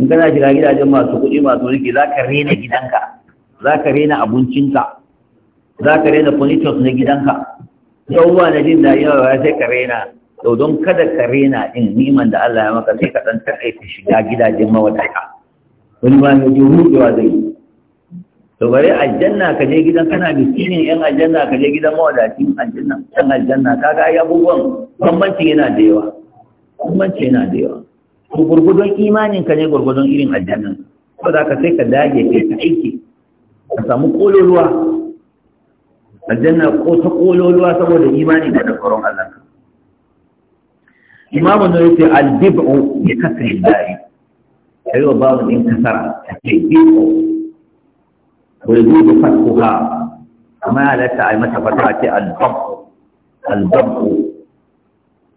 in kana shiga gidajen masu kuɗi masu riki za ka rena gidanka za ka rena abincinka za ka rena furnitures na gidanka yau ba da jin daɗi ba sai ka raina to don kada ka raina in niman da Allah ya maka sai ka ɗan taƙaita shiga gidajen mawadata wani ba ne ji ruɗewa zai to bari aljanna ka je gidan kana miskinin yan aljanna ka je gidan mawadacin aljanna yan aljanna ka ga abubuwan bambanci yana da yawa bambanci yana da yawa ko gurgudun imanin ka ne gurgudun irin aljanna ko za ka sai ka dage kai ka aiki ka samu kololuwa aljanna ko ta kololuwa saboda imani da tsoron Allah imamu ne yace al-bid'u bi kasri dai bai ayi wa ba'u din kasara ce bid'u ko yuzu fathuha amma ala ta ai mata fata ce al-dhabu al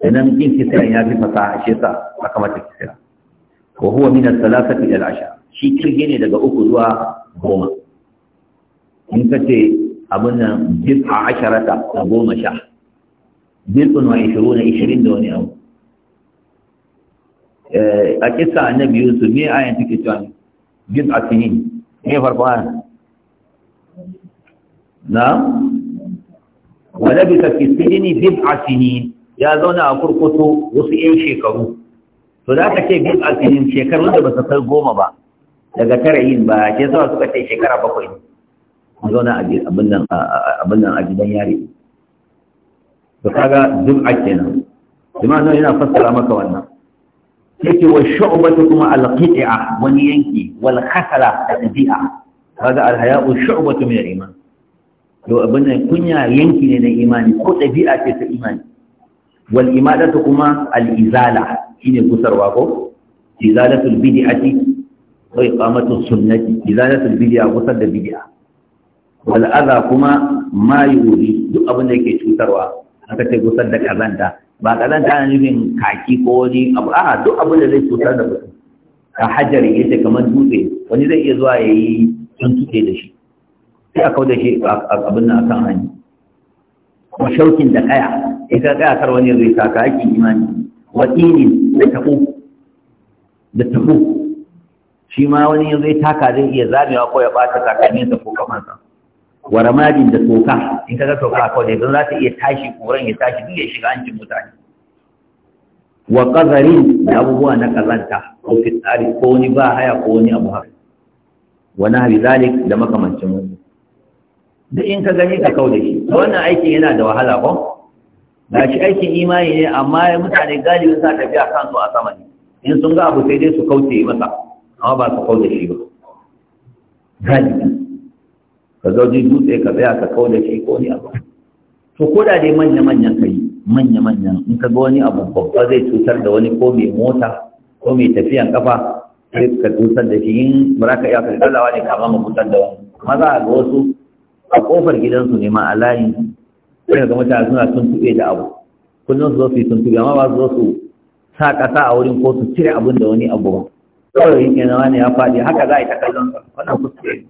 idan kin sai ya fi fasaha shi sa aka mata kisa wa huwa min al-thalathati ila al-ashar shi kirge ne daga uku zuwa goma in kace abin nan a asharata a goma sha bid'un wa na ishirin da wani abu eh, a kisa annabi yusuf me ayan can cewa a sinin me farko ana na wa labisa fi sijni a sinin ya zauna a kurkutu wasu 'yan shekaru to da aka ce a sinin shekarun da ba su kai goma ba daga tara yin ba ke sa suka ce shekara bakwai ne zauna abin nan a gidan yare da kaga duk jum'a kenan jama'a nan yana fassara maka wannan yake wa shu'batu kuma al-qit'a wani yanki wal khasala da tabi'a kaga al-haya'u shu'batu min al-iman to abin nan kunya yanki ne na imani ko tabi'a ce ta imani wal imadatu kuma al-izala shine gusarwa ko izalatul bid'ati wa iqamatus sunnati izalatul bid'a gusar da bid'a wal adha kuma ma yuri duk abin da yake cutarwa aka ce gusar da kazanta ba kazanta na nufin kaki ko wani abu a duk abin da zai cutar da mutum a hajjar ya ce kamar dutse wani zai iya zuwa ya yi tuke da shi sai a kau da shi abin nan akan hanyar kuma shaukin da kaya ita kaya kar wani zai saka aikin imani watsinin da tabu da tabu shi ma wani zai taka zai iya zamewa ko ya bata takalminsa ko kafansa wa ramadin da tsoka, in kaga toka kawai da don za ta iya tashi koran ya tashi duk ya shiga hancin mutane wa qazarin da abubuwa na kazanta ko fitsari ko wani ba haya ko wani abu haka wa bi zalik da makamancin wannan duk in ka gani ka kauda shi wannan aikin yana da wahala ko ga shi aikin imani ne amma mutane galibin ta biya kansu a sama ne in sun ga abu sai dai su kauce masa amma ba su kauda shi ba galibi ka zauji dutse ka tsaya ka kau da shi ko ni abu to ko da dai manya-manyan kai, manya-manyan in ka ga wani abu babba zai cutar da wani ko mai mota ko mai tafiyan kafa sai ka cutar da shi in ba za ka iya ka dalawa ne ka gama cutar da wani za a ga wasu a kofar gidansu ne ma a layin sai ga mutane suna tuntuɓe da abu kullum su zo su yi tuntuɓe amma ba su zo su sa ƙasa a wurin ko su cire abin da wani abu ba kawai yin yana wani ya faɗi haka za a yi ta kallon sa wannan kuskure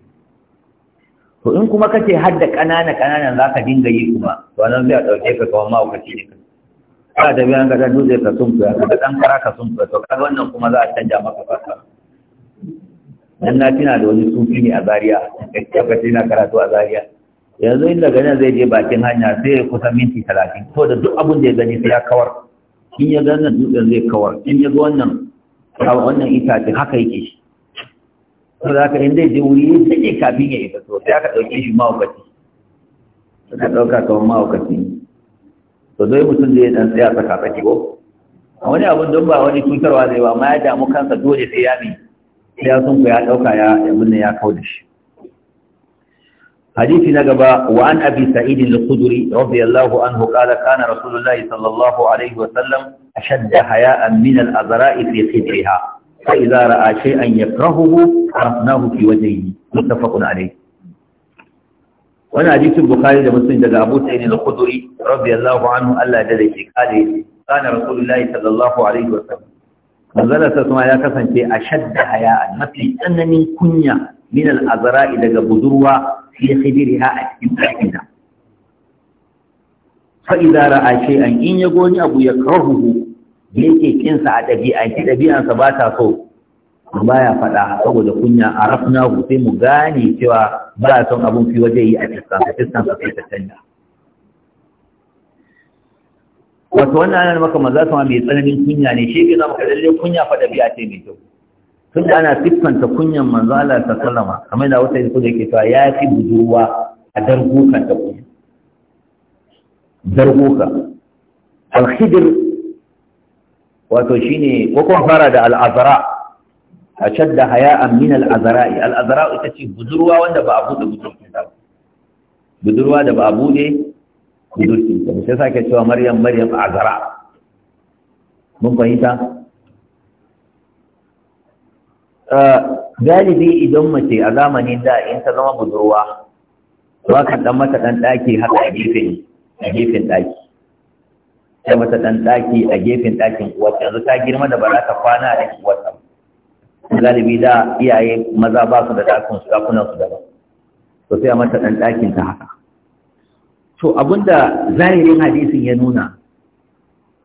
to in kuma kace har da ƙanana ƙananan za ka dinga yi kuma to nan zai ɗauke ka kawai mawukaci ne ka da biyan ka dan dole ka sunkuya ka ga dan kara ka sunkuya to kaga wannan kuma za a canja maka fasa nan na tina da wani sufi ne a Zariya, gaskiya sai na karatu a Zariya. yanzu inda ganin zai je bakin hanya sai ya kusa minti talatin to da duk abin da ya gani sai ya kawar in ya ga nan dutsen zai kawar in ya ga wannan wannan itace haka yake shi ko za ka inda je wuri ya daɗe kafin ya isa to sai aka ɗauke shi mahaukaci suka ɗauka kamar mahaukaci to dai mutum zai ɗan tsaya tsaka tsaki ko a wani abun don ba wani cutarwa zai ba ma ya damu kansa dole sai ya bi sai ya sun ya ɗauka ya abin ya kau da shi حديث نقبة وعن أبي abi الخدري رضي الله عنه قال كان a الله صلى haya عليه وسلم أشد حياء من الأذراء في خدرها fa idza ra'a shay'an yakrahuhu arafnahu fi wajhihi muttafaqun alayh wani hadisin bukhari da muslim daga abu sa'id al-khudri radiyallahu anhu Allah da zai kare kana rasulullahi sallallahu alaihi wa sallam manzala ya kasance a shadda haya'an mafi tsananin kunya min al daga budurwa fi khidriha a cikin ɗakinta fa idza in ya goni abu yakrahuhu da yake kinsa a ɗabi'anci ɗabi'ansa ba ta so baya faɗa saboda kunya a rafna sai mu gane cewa ba son abin fi waje yi a fiskansa fiskansa sai ta canja wato wannan ana maka maza sama mai tsananin kunya ne shi ke zama kaɗalle kunya fa ɗabi'a ce mai kyau tun da ana siffanta kunyan manzo Allah ta sallama kamar da wata yanzu da yake cewa ya fi budurwa a dargokan ta kunya dargoka alhidir wato shine ne kuma fara da al'azara a shadda haya'an min al'azara'i al'azara ita ce budurwa wanda ba a buɗe budurkin ta budurwa da ba a buɗe budurkin ta sai sake cewa maryam maryam azara mun fahimta galibi idan mace a zamanin da in ta zama budurwa ba ka ɗan mata ɗan ɗaki haka a gefen ɗaki. sai mata ɗan ɗaki a gefen ɗakin uwarta yanzu ta girma da ba ta kwana a ɗakin uwarta galibi da iyaye maza ba su da ɗakin su ɗakunan su daban to sai mata ɗan ɗakin ta haka to abinda zahirin hadisin ya nuna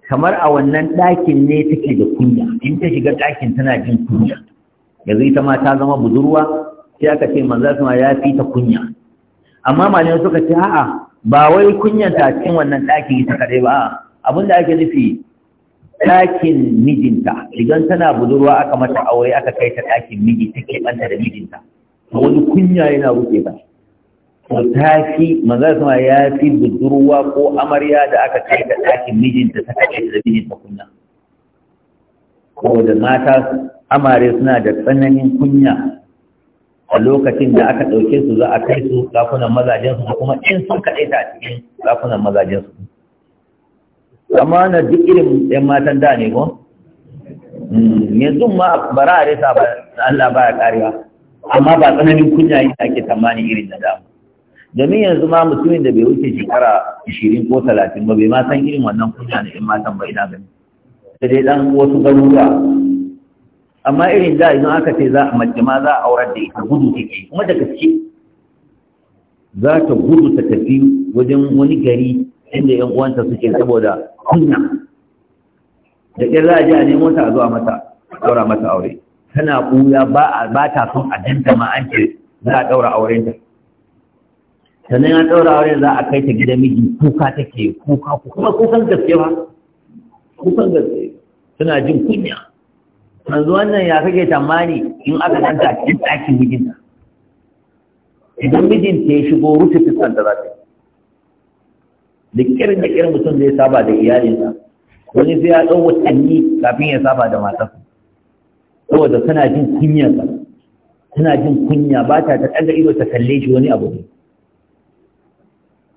kamar a wannan ɗakin ne take da kunya in ta shiga ɗakin tana jin kunya yanzu ita ma ta zama budurwa sai aka ce manzo sama ya fi ta kunya amma malamai suka ce a'a ba wai kunyanta cikin wannan ɗakin ita kaɗai ba a'a abin da ake nufi ɗakin mijinta idan tana budurwa aka mata aure aka kai ta ɗakin miji ta ɓanta da mijinta wani kunya yana rufe ta to ta fi maza sama ya fi budurwa ko amarya da aka kai ta ɗakin mijinta ta kai da mijinta kunya ko da mata amare suna da tsananin kunya a lokacin da aka ɗauke su za a kai su ɗakunan mazajensu da kuma in sun ta a cikin ɗakunan su. amma na duk irin yan matan da ne ko hmm, yanzu ma bara a resa ba Allah ba ya karewa amma ba tsananin kunya yi ake tsammanin irin na damu domin yanzu ma mutumin da bai wuce shekara 20 ko talatin ba bai ma san irin wannan kunya na yan matan ba ina gani sai dai ɗan wasu garuruwa amma irin da idan aka ce za a mace ma za a aurar da ita gudu take kuma da gaske za ta gudu ta tafi wajen wani gari inda yan uwanta suke saboda kunya da ƙin za a ji a nemo ta zuwa mata ɗaura mata aure tana ɓuya ba ta son a danta ma an ce za a ɗaura auren ta sannan an ɗaura auren za a kai ta gidan miji kuka take kuka kuma kukan gaske ba kukan gaske suna jin kunya yanzu wannan ya kake tamani in aka danta a cikin ɗakin mijinta idan mijinta ya shigo rufe fuskanta da za ta yi da kirin da kirin mutum zai saba da iyalinsa wani sai ya ɗau watanni kafin ya saba da matarsa saboda tana jin kunyarsa tana jin kunya ba ta ta ɗaga ido ta kalle shi wani abu ne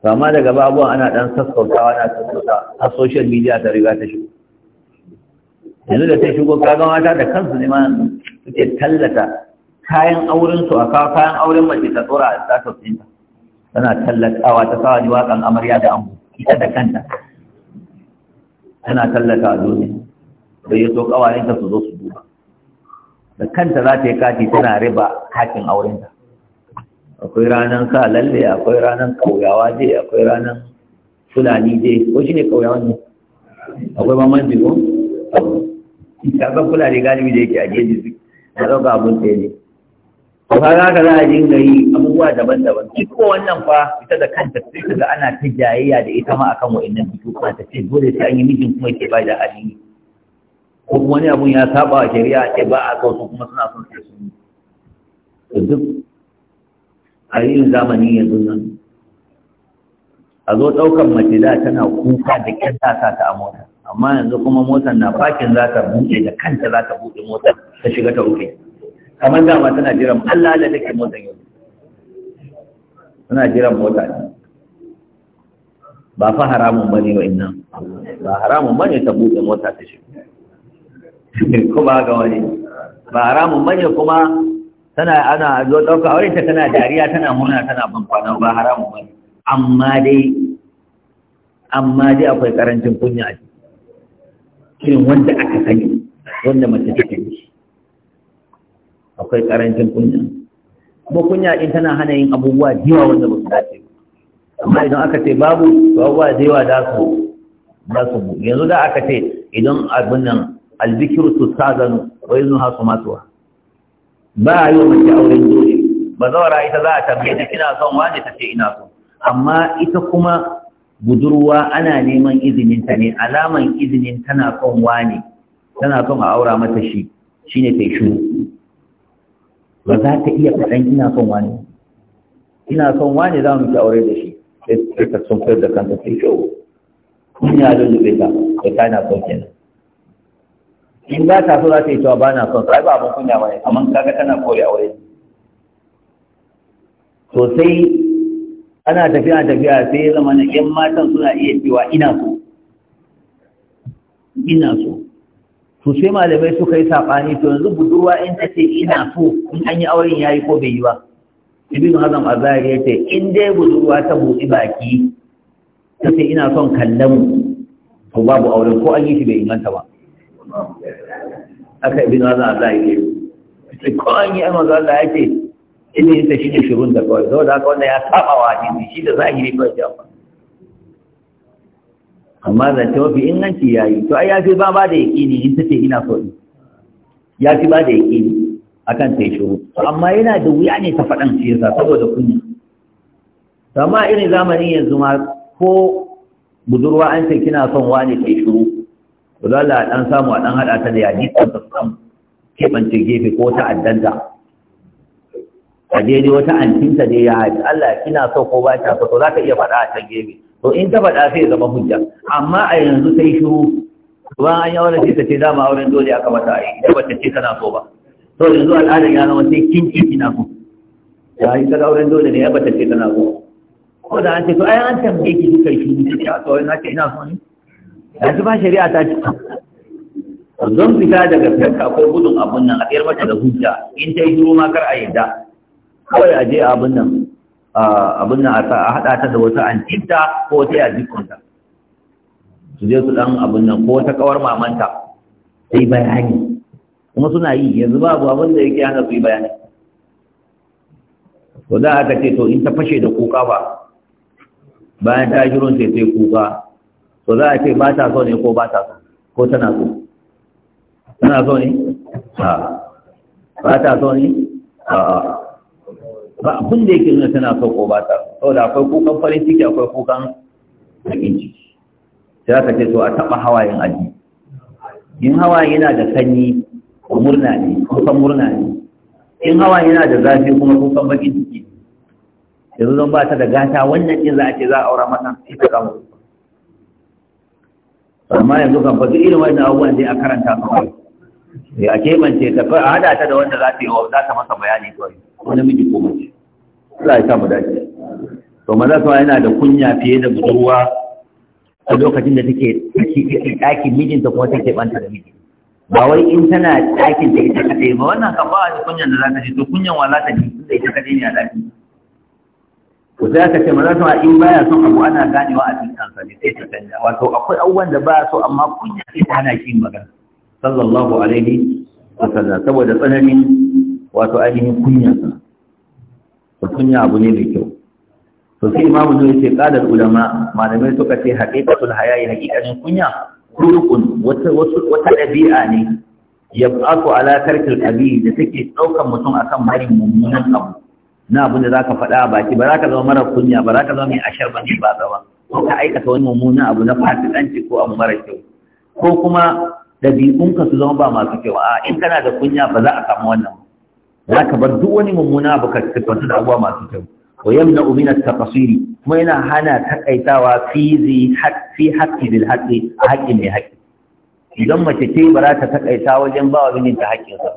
amma daga babuwan ana ɗan sassautawa na sassauta a social media ta riga ta shigo yanzu da ta shigo kaga mata da kansu ne ma suke tallata kayan aurensu a kawo kayan auren mace ta tsora a status ɗinta tana tallatawa ta sawa ni waƙan amarya da ango ita da kanta tana tallata a da ya so kawarinta su zo su duba da kanta za ta yi kati tana riba hakin aurenta akwai ranar sa lalle akwai ranar kauyawa je akwai ranar fulani je ko shi ne kauyawa ne akwai bambanci ko ta ga fulani galibi da yake a jeji su ta ɗauka abin tsaye ne to za haka za a dinga yi abubuwa daban-daban duk wannan fa ita da kanta sai ga ana ta jayayya da ita ma akan wa'annan fito kuma ta ce dole sai an yi mijin kuma ke ba da hali ko kuma wani abun ya saba wa shari'a ce ba a kawo kuma suna son sai sun to duk a yin zamani yanzu nan a zo ɗaukar mace da tana kuka da ƙyar sa ta a mota amma yanzu kuma motar na fakin za ta buɗe da kanta za ta buɗe motar ta shiga ta rufe kamar dama tana jiran Allah da take mota yau tana jiran mota ne ba fa haramun ba ne inna ba haramun ba ne ta buɗe mota ta shi kuma ga wani ba haramun ba ne kuma tana ana zo dauka aure ta tana dariya tana muna tana bankwana ba haramun ba ne amma dai amma dai akwai karancin kunya a irin wanda aka sani wanda mace take da shi akwai karancin kunya kuma kunya din tana hana yin abubuwa da yawa wanda ba su dace amma idan aka ce babu to abubuwa da yawa za su za su bu yanzu da aka ce idan abin nan alzikiru su sazanu wa yanzu ha su matuwa ba a yi wa mace auren dole ba zawara ita za a tambaye ta kina son wani ta ce ina so amma ita kuma budurwa ana neman izinin ta ne alaman izinin tana son wani tana son a aura mata shi shine ta yi shuru ba za ka iya faɗan ina son wani ina son wani za mu ci aure da shi sai ka sun da kanta sai kyau in ya zube ta ka ta na son kenan in ba ta so za ta yi cewa ba na son sai ba abin kunya bane amma ga tana kore aure to sai ana tafiya tafiya sai ya zama na yan matan suna iya cewa ina so ina so to sai malamai suka yi saɓani to yanzu budurwa in ta ce ina so in an yi auren ya yi ko bai yi ba ibn hazam azari ya ce in dai budurwa ta buɗi baki ta ce ina son kallon to babu auren ko an yi shi bai inganta ba aka ibn hazam azari ya ko an yi amma Allah ya ce ilimin ta shi ne shirun da kawai saboda haka wannan ya saba wa hadisi shi da zahiri kawai jama'a amma zance mafi inganci ya yi to ai ya fi ba ba da yaƙini in ta ce ina so ɗi, ya fi ba da yaƙini a kan ta yi shuru amma yana da wuya ne ta faɗan shi yasa saboda kunya amma irin zamanin yanzu ma ko budurwa an ce kina son wani ta yi shuru to za a ɗan samu a ɗan haɗa ta da yaji ta san keɓance gefe ko ta addanta a daidai wata antinta dai ya haifi, Allah kina so ko ba ta so to za ka iya faɗa a can gefe to in ta faɗa sai zama hujja amma a yanzu sai shiru ba an yi aure sai ta ce dama auren dole aka mata a yi ita ba ta ce tana so ba to yanzu al'adar ya zama sai kin kin kina so ya yi ta auren dole ne ya ba ta ce tana so ko da an ce to ai an tambaye ki duka shi ne ta to na ce ina so ne yanzu ba shari'a ta ce zan fita daga fiyarka ko gudun abun nan a tsayar mata da hujja in ta yi shiru ma kar a yarda kawai a je abun nan abin nan a haɗa ta da wata antinta ko wata yajikunta su je su ɗan abin nan ko wata kawar mamanta sai bayani kuma suna yi yanzu ba babu abin da yake hana su yi bayani ko da aka ce to in ta fashe da kuka ba bayan ta jirun sai sai kuka to za a ce ba ta so ne ko ba ta so ko tana so tana so ne ba ta so ne ba abin da yake nuna tana so ko ba ta saboda akwai kukan farin ciki akwai kukan bakin ciki sai aka ce so a taɓa hawayen aji in hawa yana da sanyi ko murna ne kusan murna ne in hawa yana da zafi kuma kusan bakin ciki yanzu zan ba ta da gata wannan din za a ce za a aura mata sai ta kama amma yanzu kan fa duk irin wannan abubuwan dai a karanta su ya kebance ta a hada ta da wanda za ta yi wa za ta masa bayani kawai ko namiji ko mace za a samu dace to maza sama yana da kunya fiye da budurwa a lokacin da take ɗakin mijinta kuma take banta da miji ba wai in tana ɗakin da ita kaɗai ba wannan kan ba a kunyan da za ta ji to kunyan wa za ta ji da ita kaɗai ne a ɗakin ko sai ka ce maza sama in baya son abu ana ganewa a cikin kansa ne sai ta canja wato akwai abubuwan da ba so amma kunya sai ta hana shi magana sallallahu alaihi wasallam saboda tsananin wato ainihin kunya sa kunya abu ne mai kyau to sai imamu zai ce qala ulama malamai suka ce haqiqatul hayayi haqiqanin kunya khuluqun wata wata dabi'a ne yab'atu ala tarkil kabir da take daukan mutum akan marin mummunan abu na abin da zaka faɗa a baki ba ka zama mara kunya ba ka zama mai ashar ba ba zama ko ka aikata wani mummunan abu na fasikanci ko abu mara kyau ko kuma ɗabi'unka su zama ba masu kyau a in kana da kunya ba za a samu wannan za ka bar duk wani mummuna ba ka da abuwa masu kyau wa yamna umina taqsiri kuma yana hana takaitawa fi zi fi haqqi bil haqqi a haƙƙi mai haƙƙi idan mace ce ba za ta takaita wajen ba wa mijinta haƙƙinsa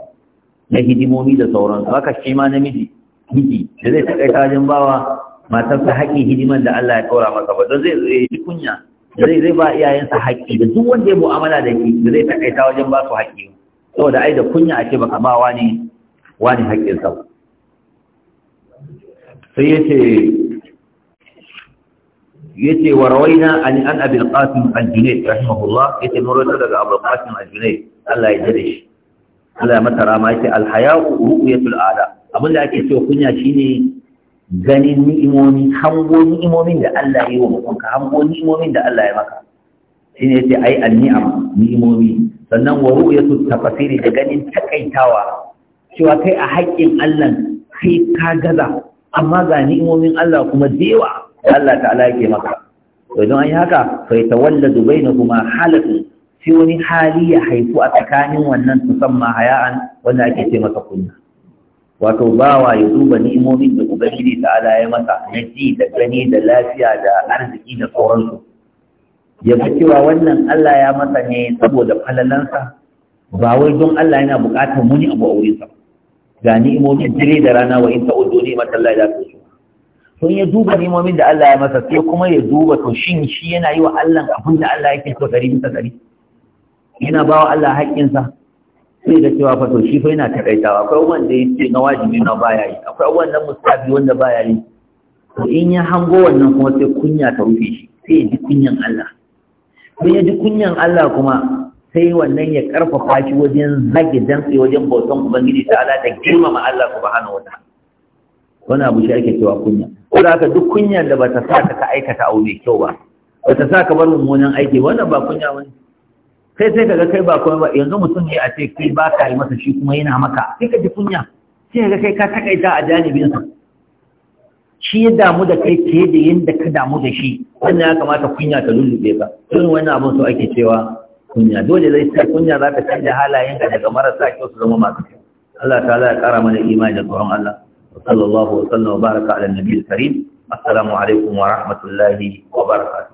na hidimomi da sauransu haka shi ma namiji miji da zai takaita wajen ba wa matarsa haƙƙin hidiman da Allah ya kaura masa ba don zai yi kunya zai zai ba iyayensa haƙƙi da duk wanda ya mu'amala da shi da zai takaita wajen ba su haƙƙi saboda ai da kunya ake baka ba wani wani haƙƙin sa sai yace yace wa rawaina an an abi al-qasim al-junayd rahimahullah yace mun rawaita daga abu al-qasim al-junayd Allah ya jira shi Allah ya mata rama yace al-haya'u ru'yatul a'la abin da ake cewa kunya shine ganin ni'imomi hango ni'imomin da Allah ya yi wa mutum hango ni'imomin da Allah ya maka shi ne sai ai anni'am ni'imomi sannan wa ru'yatu tafasiri da ganin takaitawa cewa kai a haƙƙin Allah kai ka gaza amma ga ni'imomin Allah kuma dewa Allah ta'ala yake maka to don an yi haka fa yatawalladu bainahuma halatu sai wani hali ya haifu a tsakanin wannan tusamma haya'an wanda ake ce masa kunna wato bawa ya duba ni'imomin da ubangiji ta ala ya masa na ji da gani da lafiya da arziki da sauransu ya fi cewa wannan Allah ya masa ne saboda falalansa ba wai don Allah yana buƙatar muni abu a wurinsa ga ni'imomin dare da rana wa in ta'uddu ni'matan Allah ya su ya duba ni'imomin da Allah ya masa sai kuma ya duba to shin shi yana yi wa Allah abin da Allah yake so dari bisa dari yana ba wa Allah haƙƙinsa sai da cewa fa to shi fa yana takaitawa akwai wanda ya ce na wajibi na baya yi akwai wannan mustafi wanda baya yi to in ya hango wannan kuma sai kunya ta rufe shi sai ya ji kunyan Allah sai ya ji kunyan Allah kuma sai wannan ya karfafa shi wajen zage dantse wajen bautan ubangiji ta Allah da girmama Allah subhanahu wataala wannan abu shi ake cewa kunya ko da haka duk kunyan da bata sa ka aikata abu mai kyau ba bata sa ka bar mummunan aiki wannan ba kunya wani Sai sai ka ga kai ba yanzu mutum ne a ce kai ba ka yi masa shi kuma yana maka sai ka ji kunya sai ka kai ka takaita a janibinsa shi ya damu da kai ke da yadda ka damu da shi wannan ya kamata kunya ta lullube ka irin wannan abin so ake cewa kunya dole zai sa kunya za ka canja halayenka daga marasa kyau su zama masu kyau Allah ta'ala ya kara mana imani da tsoron Allah wa sallallahu wa sallam wa baraka ala nabiyil karim assalamu alaikum wa rahmatullahi wa barakatuh